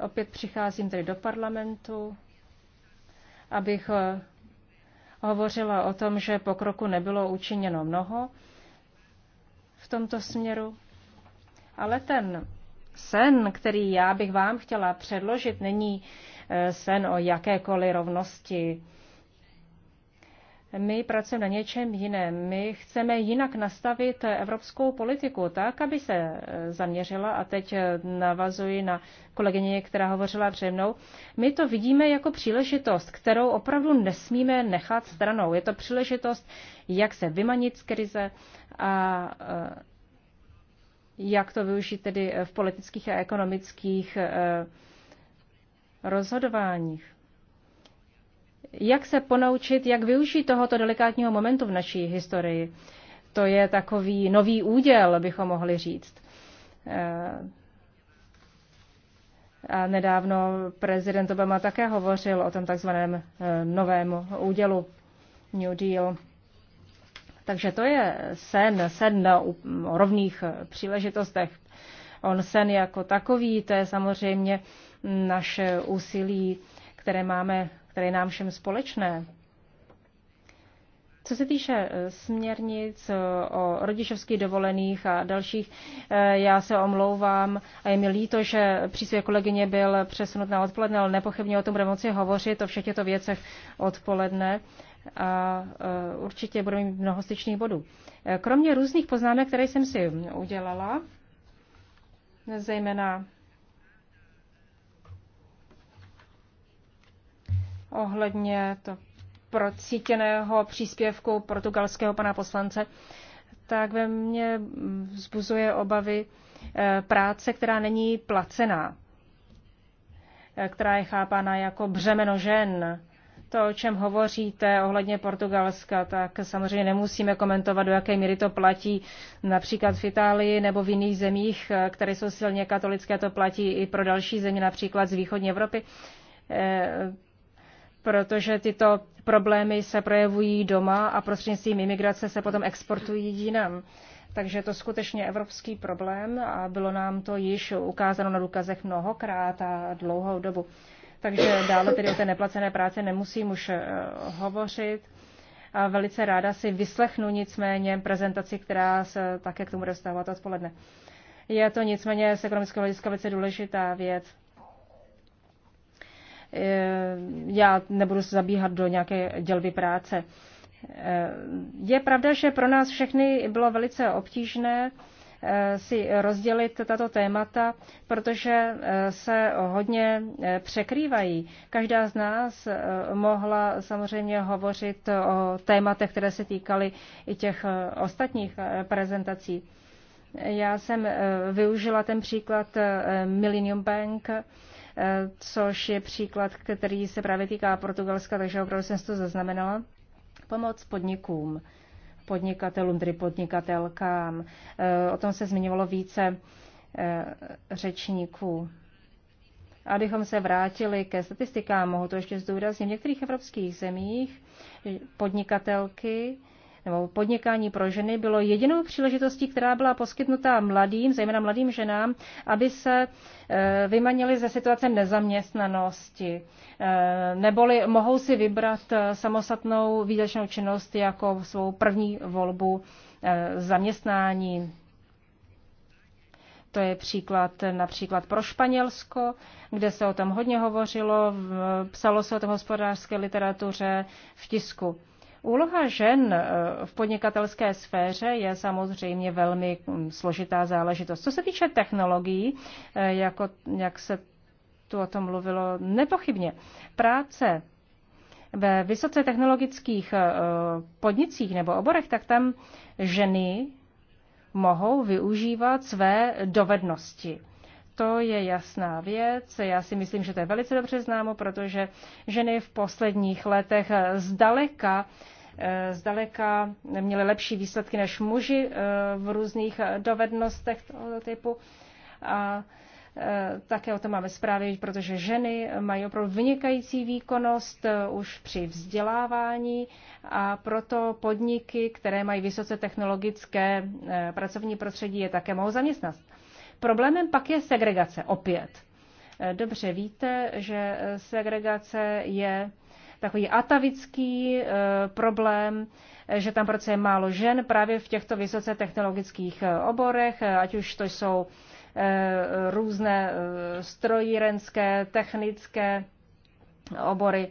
opět přicházím tedy do parlamentu, abych hovořila o tom, že pokroku nebylo učiněno mnoho v tomto směru, ale ten sen, který já bych vám chtěla předložit, není eh, sen o jakékoliv rovnosti. My pracujeme na něčem jiném. My chceme jinak nastavit evropskou politiku tak, aby se eh, zaměřila, a teď eh, navazuji na kolegyně, která hovořila před mnou, my to vidíme jako příležitost, kterou opravdu nesmíme nechat stranou. Je to příležitost, jak se vymanit z krize a jak to využít tedy eh, v politických a ekonomických eh, rozhodováních. Jak se ponaučit, jak využít tohoto delikátního momentu v naší historii? To je takový nový úděl, bychom mohli říct. Eh, a nedávno prezident Obama také hovořil o tom takzvaném novém údělu, New Deal. Takže to je sen, sen o rovných příležitostech. On sen jako takový, to je samozřejmě naše úsilí, které máme, které nám všem společné. Co se týče eh, směrnic eh, o rodičovských dovolených a dalších, eh, já se omlouvám a je mi líto, že své kolegyně byl přesunut na odpoledne, ale nepochybně o tom bude moci hovořit o všech těchto věcech odpoledne a určitě budeme mít mnoho styčných bodů. E, kromě různých poznámek, které jsem si udělala, zejména ohledně to procítěného příspěvku portugalského pana poslance, tak ve mně vzbuzuje obavy e, práce, která není placená, e, která je chápána jako břemeno žen, to, o čem hovoříte ohledně Portugalska, tak samozřejmě nemusíme komentovat, do jaké míry to platí například v Itálii nebo v jiných zemích, které jsou silně katolické, to platí i pro další země, například z východní Evropy, eh, protože tyto problémy se projevují doma a prostřednictvím imigrace se potom exportují jinam. Takže je to skutečně evropský problém a bylo nám to již ukázáno na důkazech mnohokrát a dlouhou dobu takže dále tedy o té neplacené práci nemusím už eh, hovořit. A velice ráda si vyslechnu nicméně prezentaci, která se také k tomu bude vztahovat odpoledne. Je to nicméně z ekonomického hlediska velice důležitá věc. Eh, já nebudu se zabíhat do nějaké dělby práce. Eh, je pravda, že pro nás všechny bylo velice obtížné Eh, si rozdělit tato témata, protože eh, se hodně eh, překrývají. Každá z nás mohla samozřejmě hovořit o tématech, které se týkaly i těch ostatních prezentací. Já jsem využila ten příklad Millennium Bank, což je příklad, který se právě týká Portugalska, takže opravdu jsem si to zaznamenala. Pomoc podnikům podnikatelům, tedy podnikatelkám. Eh, o tom se zmiňovalo více eh, řečníků. Abychom se vrátili ke statistikám, mohu to ještě zdůraznit, v některých evropských zemích podnikatelky nebo podnikání pro ženy bylo jedinou příležitostí, která byla poskytnuta mladým, zejména mladým ženám, aby se eh, vymanili ze situace nezaměstnanosti. Eh, neboli mohou si vybrat eh, samostatnou výdačnou činnost jako svou první volbu zaměstnání. To je příklad například pro Španělsko, kde se o tom hodně hovořilo, psalo se o tom hospodářské literatuře v tisku. Úloha žen eh, v podnikatelské sféře je samozřejmě velmi hm, složitá záležitost. Co se týče technologií, eh, jako, jak se tu o tom mluvilo, nepochybně. Práce ve vysoce technologických eh, podnicích nebo oborech, tak tam ženy mohou využívat své dovednosti to je jasná věc. Já si myslím, že to je velice dobře známo, protože ženy v posledních letech zdaleka eh, zdaleka měly lepší výsledky než muži eh, v různých dovednostech tohoto typu. A eh, také o tom máme zprávy, protože ženy mají opravdu vynikající výkonnost už při vzdělávání a proto podniky, které mají vysoce technologické pracovní prostředí, je také mohou zaměstnat. Problémem pak je segregace opět. Eh, dobře víte, že eh, segregace je takový atavický eh, problém, že tam pracuje málo žen právě v těchto vysoce technologických oborech, ať už to jsou různé strojírenské, technické obory.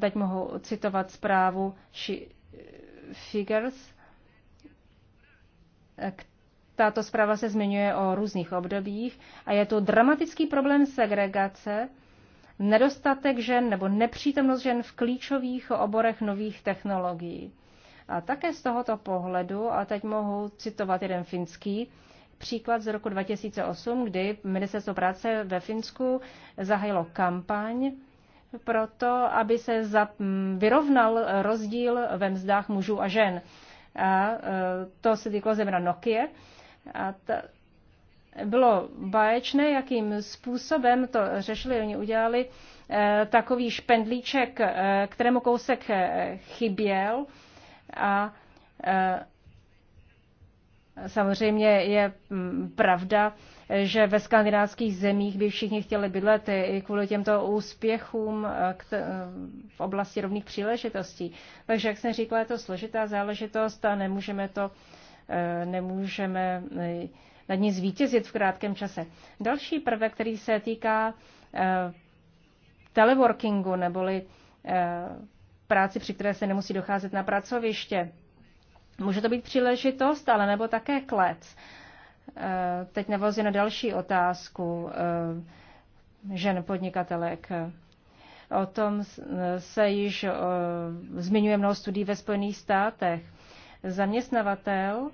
Teď mohu citovat zprávu She Figures, tato zpráva se zmiňuje o různých obdobích a je tu dramatický problém segregace, nedostatek žen nebo nepřítomnost žen v klíčových oborech nových technologií. A také z tohoto pohledu, a teď mohu citovat jeden finský, příklad z roku 2008, kdy Ministerstvo práce ve Finsku zahajilo kampaň pro to, aby se mm, vyrovnal rozdíl ve mzdách mužů a žen. A e, to se týkalo zejména Nokia a ta, bylo báječné, jakým způsobem to řešili. Oni udělali eh, takový špendlíček, eh, kterému kousek eh, chyběl a Samozřejmě je mm, pravda, že ve skandinávských zemích by všichni chtěli bydlet i kvůli těmto úspěchům v oblasti rovných příležitostí. Takže, jak jsem říkala, je to složitá záležitost a nemůžeme to E, nemůžeme e, nad ní zvítězit v krátkém čase. Další prvek, který se týká e, teleworkingu, neboli práci, při které se nemusí docházet na pracoviště. Může to být příležitost, ale nebo také klec. Teď navozí na další otázku žen podnikatelek. O tom se již zmiňuje mnoho studií ve Spojených státech. Zaměstnavatel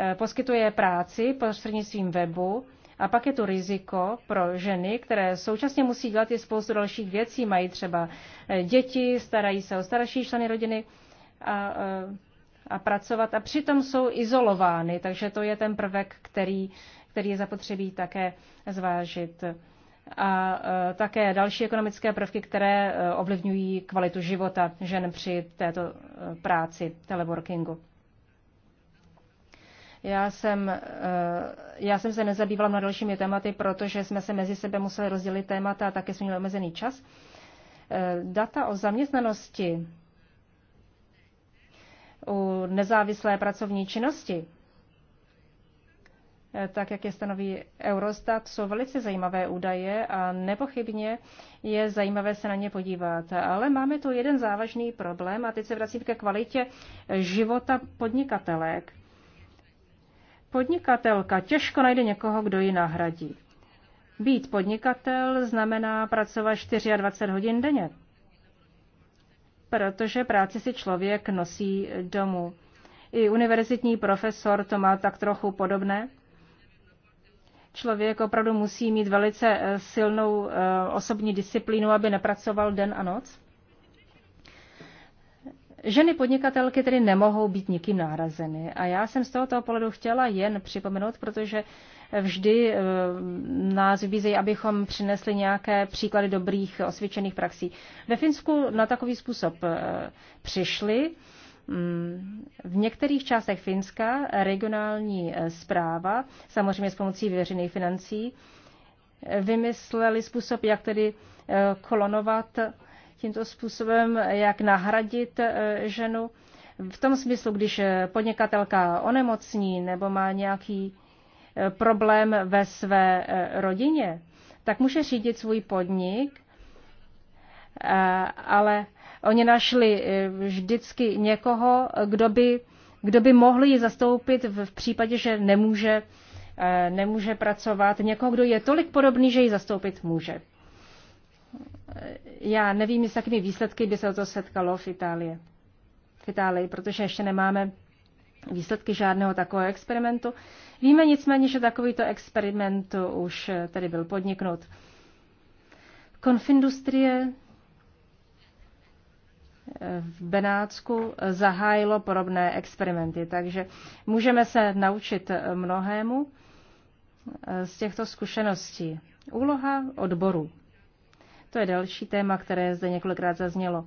Eh, poskytuje práci prostřednictvím webu a pak je tu riziko pro ženy, které současně musí dělat i spoustu dalších věcí, mají třeba eh, děti, starají se o starší členy rodiny a, eh, a pracovat a přitom jsou izolovány, takže to je ten prvek, který, který je zapotřebí také zvážit. A také další ekonomické prvky, které ovlivňují kvalitu života žen při této práci teleworkingu. Já jsem, eh, já jsem se nezabývala na dalšími tématy, protože jsme se mezi sebe museli rozdělit témata a také jsme měli omezený čas. Eh, data o zaměstnanosti u nezávislé pracovní činnosti, eh, tak jak je stanoví Eurostat, jsou velice zajímavé údaje a nepochybně je zajímavé se na ně podívat. Ale máme tu jeden závažný problém a teď se vracím ke kvalitě života podnikatelek Podnikatelka těžko najde někoho, kdo ji nahradí. Být podnikatel znamená pracovat 24 hodin denně, protože práci si člověk nosí domů. I univerzitní profesor to má tak trochu podobné. Člověk opravdu musí mít velice eh, silnou eh, osobní disciplínu, aby nepracoval den a noc. Ženy podnikatelky tedy nemohou být nikým nárazeny. A já jsem z tohoto pohledu chtěla jen připomenout, protože vždy eh, nás vybízejí, abychom přinesli nějaké příklady dobrých osvědčených praxí. Ve Finsku na takový způsob eh, přišli. Mm, v některých částech Finska regionální zpráva, eh, samozřejmě s pomocí veřejných financí, vymysleli způsob, jak tedy kolonovat tímto způsobem, jak nahradit e, ženu. V tom smyslu, když e, podnikatelka onemocní nebo má nějaký e, problém ve své rodině, tak může řídit svůj podnik, ale oni našli vždycky někoho, kdo by, kdo by mohl ji zastoupit v případě, že nemůže, nemůže pracovat, někoho, kdo je tolik podobný, že ji zastoupit může já nevím, s jakými výsledky by se to setkalo v Itálii. V Itálii, protože ještě nemáme výsledky žádného takového experimentu. Víme nicméně, že takovýto experiment už tady byl podniknut. Konfindustrie v Benátsku zahájilo podobné experimenty, takže můžeme se naučit mnohému z těchto zkušeností. Úloha odboru. To je další téma, které zde několikrát zaznělo.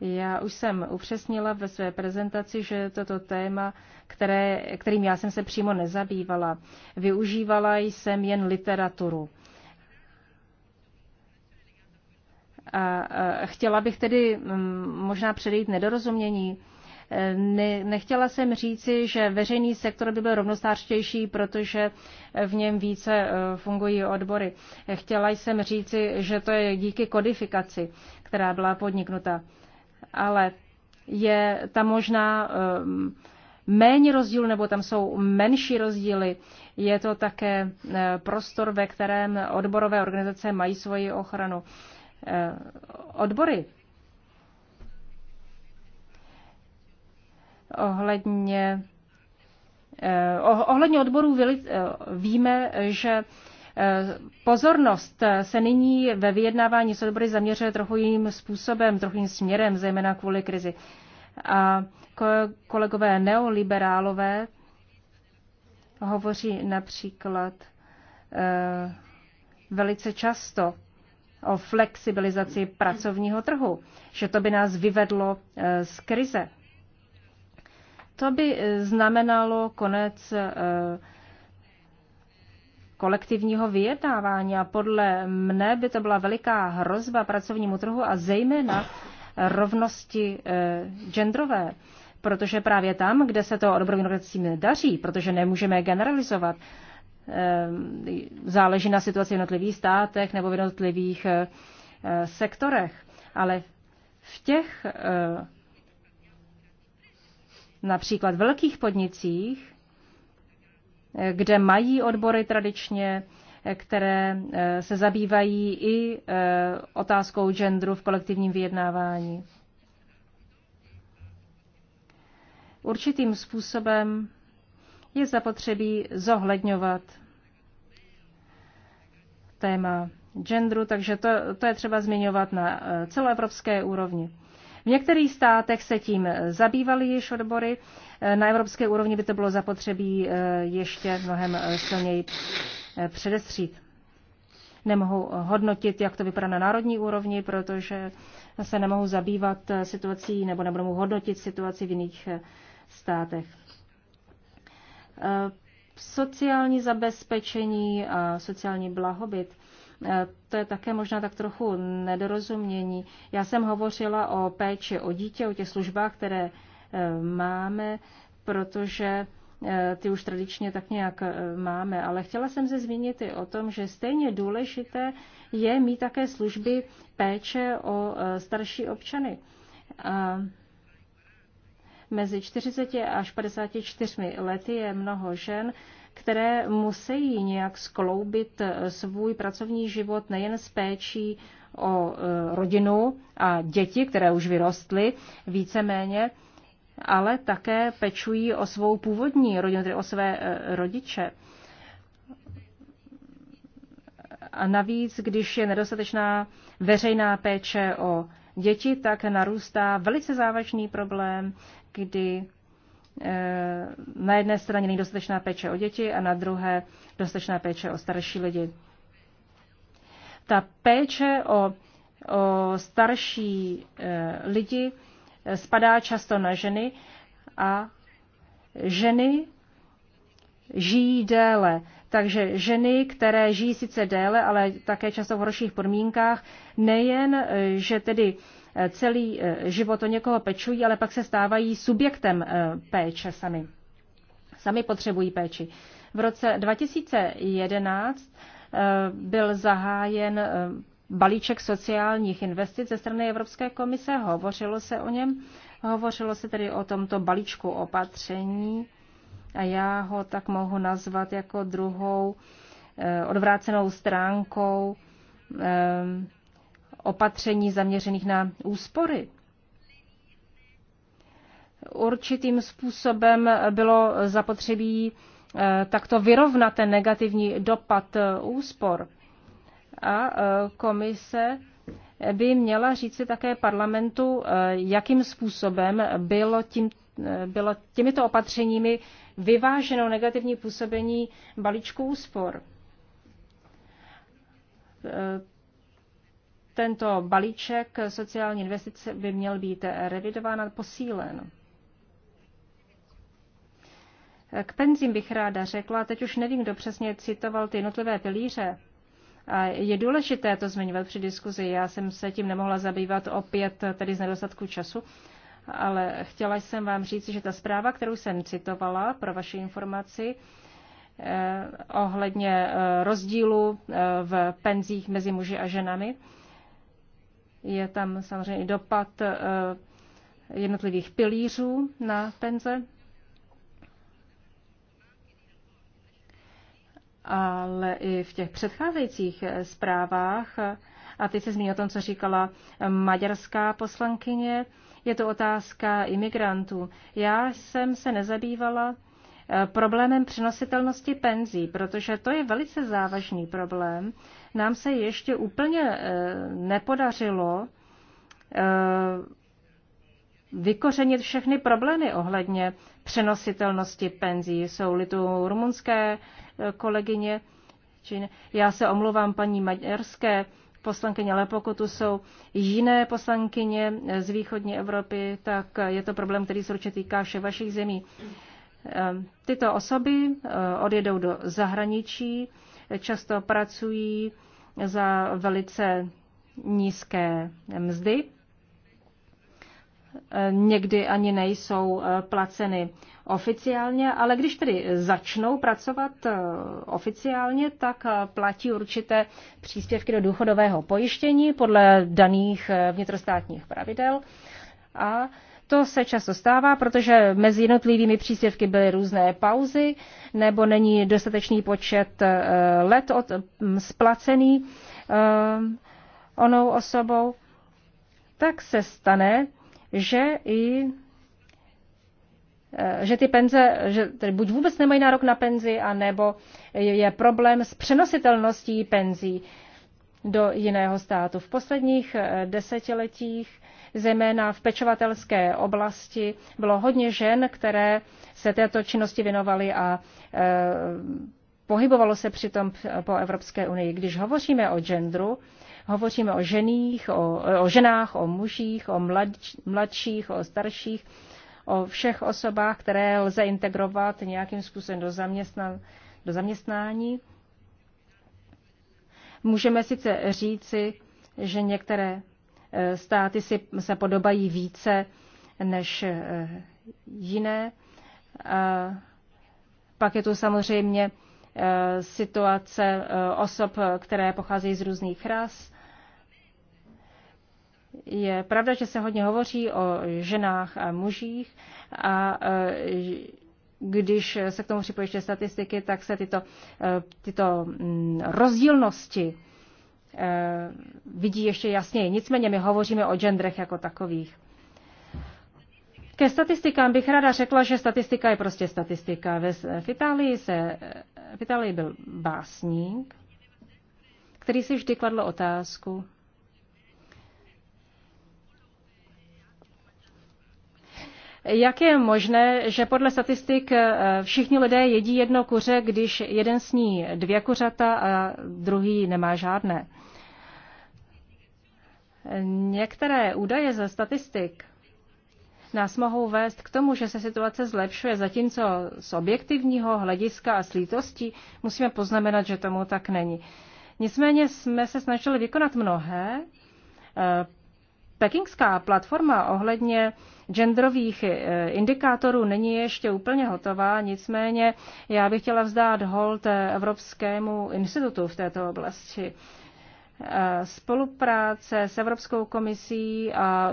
Já už jsem upřesnila ve své prezentaci, že toto téma, které, kterým já jsem se přímo nezabývala, využívala jsem jen literaturu. A chtěla bych tedy mm, možná předejít nedorozumění ne, nechtěla jsem říci, že veřejný sektor by byl rovnostářtější, protože v něm více e, fungují odbory. Chtěla jsem říci, že to je díky kodifikaci, která byla podniknuta. Ale je tam možná e, méně rozdíl, nebo tam jsou menší rozdíly. Je to také e, prostor, ve kterém odborové organizace mají svoji ochranu. Odbory ohledně eh, oh, Ohledně odborů eh, víme, že eh, pozornost se nyní ve vyjednávání s odbory zaměřuje trochu jiným způsobem, trochu jiným směrem, zejména kvůli krizi. A kolegové neoliberálové hovoří například velice často o flexibilizaci pracovního trhu, že to by nás vyvedlo z krize. To by eh, znamenalo konec eh, kolektivního vyjednávání a podle mne by to byla veliká hrozba pracovnímu trhu a zejména rovnosti eh, genderové protože právě tam, kde se to odborovým organizacím daří, protože nemůžeme generalizovat, záleží na situaci v jednotlivých státech nebo v jednotlivých sektorech, ale v těch například velkých podnicích, kde mají odbory tradičně, které eh, se zabývají i eh, otázkou genderu v kolektivním vyjednávání. Určitým způsobem je zapotřebí zohledňovat téma genderu, takže to, to je třeba zmiňovat na eh, celoevropské úrovni. V některých státech se tím zabývaly již odbory, na evropské úrovni by to bylo zapotřebí eh, ještě mnohem eh, silněji eh, předestřít. Nemohu hodnotit, jak to vypadá na národní úrovni, protože se nemohu zabývat situací nebo nebudu hodnotit situaci v jiných státech sociální zabezpečení a sociální blahobyt. Eh, to je také možná tak trochu nedorozumění. Já jsem hovořila o péči o dítě, o těch službách, které eh, máme, protože eh, ty už tradičně tak nějak máme. Ale chtěla jsem se zmínit i o tom, že stejně důležité je mít také služby péče o starší občany. A mezi 40 až 54 lety je mnoho žen, které musí nějak skloubit eh, svůj pracovní život nejen s péčí o eh, rodinu a děti, které už vyrostly víceméně, ale také pečují o svou původní rodinu, tedy o své eh, rodiče. A navíc, když je nedostatečná veřejná péče o děti, tak narůstá velice závažný problém, kdy Eh, na jedné straně není dostatečná péče o děti a na druhé dostatečná péče o starší lidi. Ta péče o, o starší eh, lidi eh, spadá často na ženy a ženy žijí déle. Takže ženy, které žijí sice déle, ale také často v horších podmínkách, nejen, že tedy celý eh, život o někoho pečují, ale pak se stávají subjektem eh, péče sami. Sami potřebují péči. V roce 2011 eh, byl zahájen balíček sociálních investic ze strany Evropské komise. Hovořilo se o něm, hovořilo se tedy o tomto balíčku opatření a já ho tak mohu nazvat jako druhou odvrácenou stránkou opatření zaměřených na úspory. Určitým způsobem bylo zapotřebí eh, takto vyrovnat ten negativní dopad eh, úspor. A eh, komise by měla říci také parlamentu, jakým způsobem bylo, tím, bylo těmito opatřeními vyváženo negativní působení balíčku úspor tento balíček sociální investice by měl být revidován a posílen. K penzím bych ráda řekla, teď už nevím, kdo přesně citoval ty jednotlivé pilíře. A je důležité to zmiňovat při diskuzi. Já jsem se tím nemohla zabývat opět tedy z nedostatku času, ale chtěla jsem vám říct, že ta zpráva, kterou jsem citovala pro vaši informaci, eh, ohledně eh, rozdílu eh, v penzích mezi muži a ženami, je tam samozřejmě i dopad eh, jednotlivých pilířů na penze. Ale i v těch předcházejících eh, zprávách, eh, a teď se zmíní o tom, co říkala maďarská poslankyně, je to otázka imigrantů. Já jsem se nezabývala problémem přenositelnosti penzí, protože to je velice závažný problém. Nám se ještě úplně eh, nepodařilo eh, vykořenit všechny problémy ohledně přenositelnosti penzí. Jsou li tu rumunské eh, kolegyně, či ne. já se omluvám paní maďarské poslankyně, ale pokud tu jsou jiné poslankyně z východní Evropy, tak je to problém, který se určitě týká všech vašich zemí. Ehm, tyto osoby eh, odjedou do zahraničí, často pracují za velice nízké mzdy. Ehm, někdy ani nejsou eh, placeny oficiálně, ale když tedy začnou pracovat eh, oficiálně, tak platí určité příspěvky do důchodového pojištění podle daných vnitrostátních pravidel a to se často stává, protože mezi jednotlivými příspěvky byly různé pauzy nebo není dostatečný počet eh, let od, mm, splacený eh, onou osobou. Tak se stane, že i eh, že ty penze, že tedy buď vůbec nemají nárok na penzi, anebo je problém s přenositelností penzí do jiného státu. V posledních desetiletích zejména v pečovatelské oblasti bylo hodně žen, které se této činnosti věnovaly a e, pohybovalo se přitom po Evropské unii. Když hovoříme o gendru, hovoříme o, ženích, o, o ženách, o mužích, o mlad, mladších, o starších, o všech osobách, které lze integrovat nějakým způsobem do, zaměstna, do zaměstnání. Můžeme sice říci, že některé státy si, se podobají více než eh, jiné. A pak je tu samozřejmě eh, situace eh, osob, které pocházejí z různých ras. Je pravda, že se hodně hovoří o ženách a mužích a když se k tomu připojíte statistiky, tak se tyto, tyto mm, rozdílnosti Eh, vidí ještě jasněji. Nicméně my hovoříme o genderech jako takových. Ke statistikám bych ráda řekla, že statistika je prostě statistika. V Itálii, se, v Itálii byl básník, který si vždy kladl otázku, Jak je možné, že podle statistik eh, všichni lidé jedí jedno kuře, když jeden sní dvě kuřata a druhý nemá žádné? Některé údaje ze statistik nás mohou vést k tomu, že se situace zlepšuje, zatímco z objektivního hlediska a slítostí musíme poznamenat, že tomu tak není. Nicméně jsme se snažili vykonat mnohé. E, Pekingská platforma ohledně genderových e, indikátorů není ještě úplně hotová, nicméně já bych chtěla vzdát hold Evropskému institutu v této oblasti spolupráce s Evropskou komisí a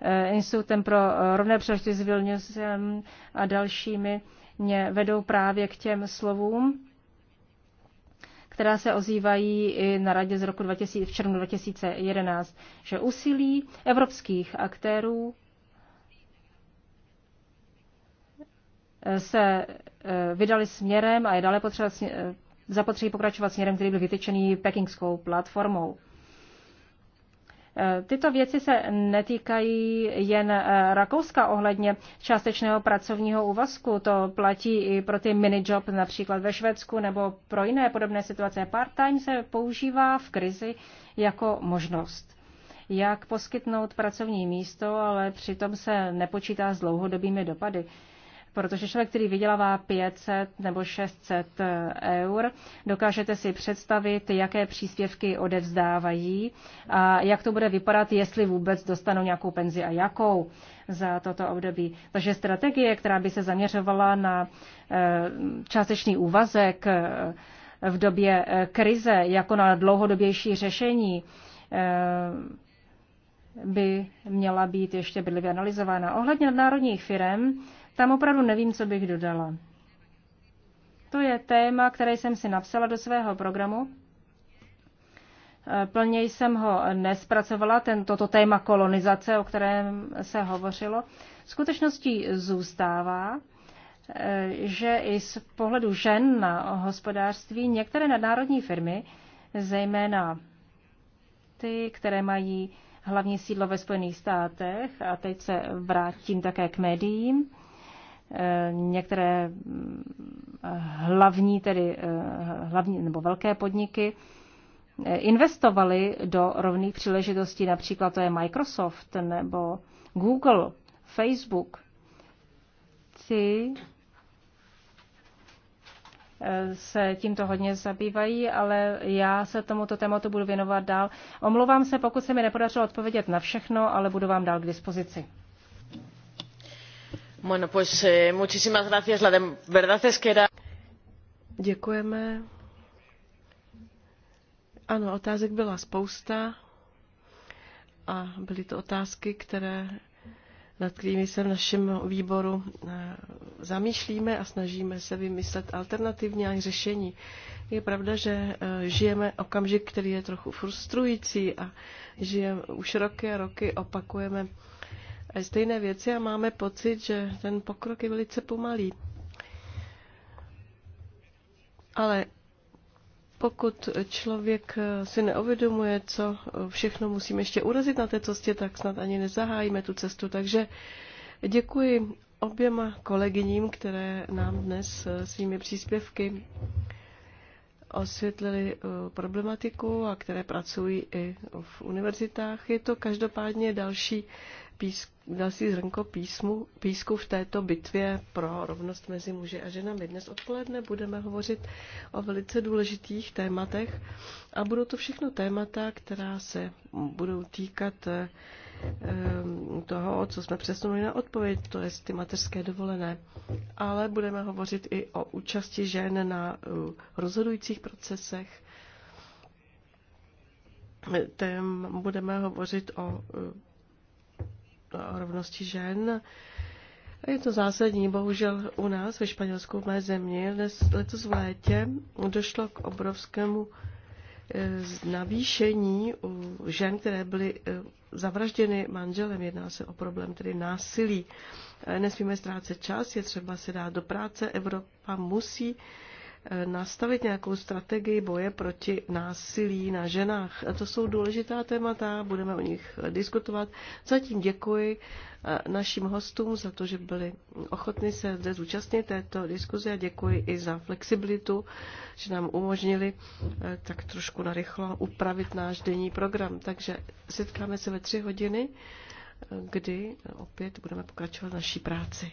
e, Institutem pro rovné příležitosti s Vilniusem a dalšími mě vedou právě k těm slovům, která se ozývají i na radě z roku 2000, v červnu 2011, že úsilí evropských aktérů se e, vydali směrem a je dále potřeba zapotřebí pokračovat směrem, který byl vytyčený pekingskou platformou. E, tyto věci se netýkají jen e, Rakouska ohledně částečného pracovního úvazku. To platí i pro ty minijob například ve Švédsku nebo pro jiné podobné situace. Part-time se používá v krizi jako možnost jak poskytnout pracovní místo, ale přitom se nepočítá s dlouhodobými dopady protože člověk, který vydělává 500 nebo 600 eh, eur, dokážete si představit, jaké příspěvky odevzdávají a jak to bude vypadat, jestli vůbec dostanou nějakou penzi a jakou za toto období. Takže strategie, která by se zaměřovala na eh, částečný úvazek eh, v době krize jako na dlouhodobější řešení, by měla být ještě bydlivě analyzována. Ohledně národních firm tam opravdu nevím, co bych dodala. To je téma, které jsem si napsala do svého programu. E, plně jsem ho nespracovala, ten, toto téma kolonizace, o kterém se hovořilo. Skutečností zůstává, e, že i z pohledu žen na hospodářství některé nadnárodní firmy, zejména ty, které mají hlavní sídlo ve Spojených státech, a teď se vrátím také k médiím, Eh, některé eh, hlavní, tedy eh, hlavní nebo velké podniky investovaly do rovných příležitostí, například to je Microsoft nebo Google, Facebook. Ty se tímto hodně zabývají, ale já se tomuto tématu budu věnovat dál. Omlouvám se, pokud se mi nepodařilo odpovědět na všechno, ale budu vám dál k dispozici. Eh, Děkujeme. Ano, otázek byla spousta a byly to otázky, které nad kterými se v našem výboru eh, zamýšlíme a snažíme se vymyslet alternativní řešení. Je pravda, že eh, žijeme okamžik, který je trochu frustrující a že už roky a roky opakujeme stejné věci a máme pocit, že ten pokrok je velice pomalý. Ale pokud člověk si neuvědomuje, co všechno musíme ještě urazit na té cestě, tak snad ani nezahájíme tu cestu. Takže děkuji oběma kolegyním, které nám dnes svými příspěvky osvětlili eh, problematiku a které pracují i v univerzitách. Je to každopádně další písk další zrnko písmu, písku v této bitvě pro rovnost mezi muži a ženami. Dnes odpoledne budeme hovořit o velice důležitých tématech a budou to všechno témata, která se budou týkat eh, eh, toho, co jsme přesunuli na odpověď, to je ty mateřské dovolené. Ale budeme hovořit i o účasti žen na eh, rozhodujících procesech, tém budeme hovořit o o rovnosti žen. Je to zásadní. Bohužel u nás ve Španělsku, v mé zemi, letos v létě došlo k obrovskému e, navýšení u žen, které byly e, zavražděny manželem. Jedná se o problém tedy násilí. E, nesmíme ztrácet čas, je třeba se dát do práce. Evropa musí Eh, nastavit nějakou strategii boje proti násilí na ženách. To jsou důležitá témata, budeme o nich eh, diskutovat. Zatím děkuji eh, našim hostům za to, že byli ochotni se zde zúčastnit této diskuze a děkuji i za flexibilitu, že nám umožnili tak trošku narychlo upravit náš denní program. Takže setkáme se ve tři hodiny, kdy opět budeme pokračovat naší práci.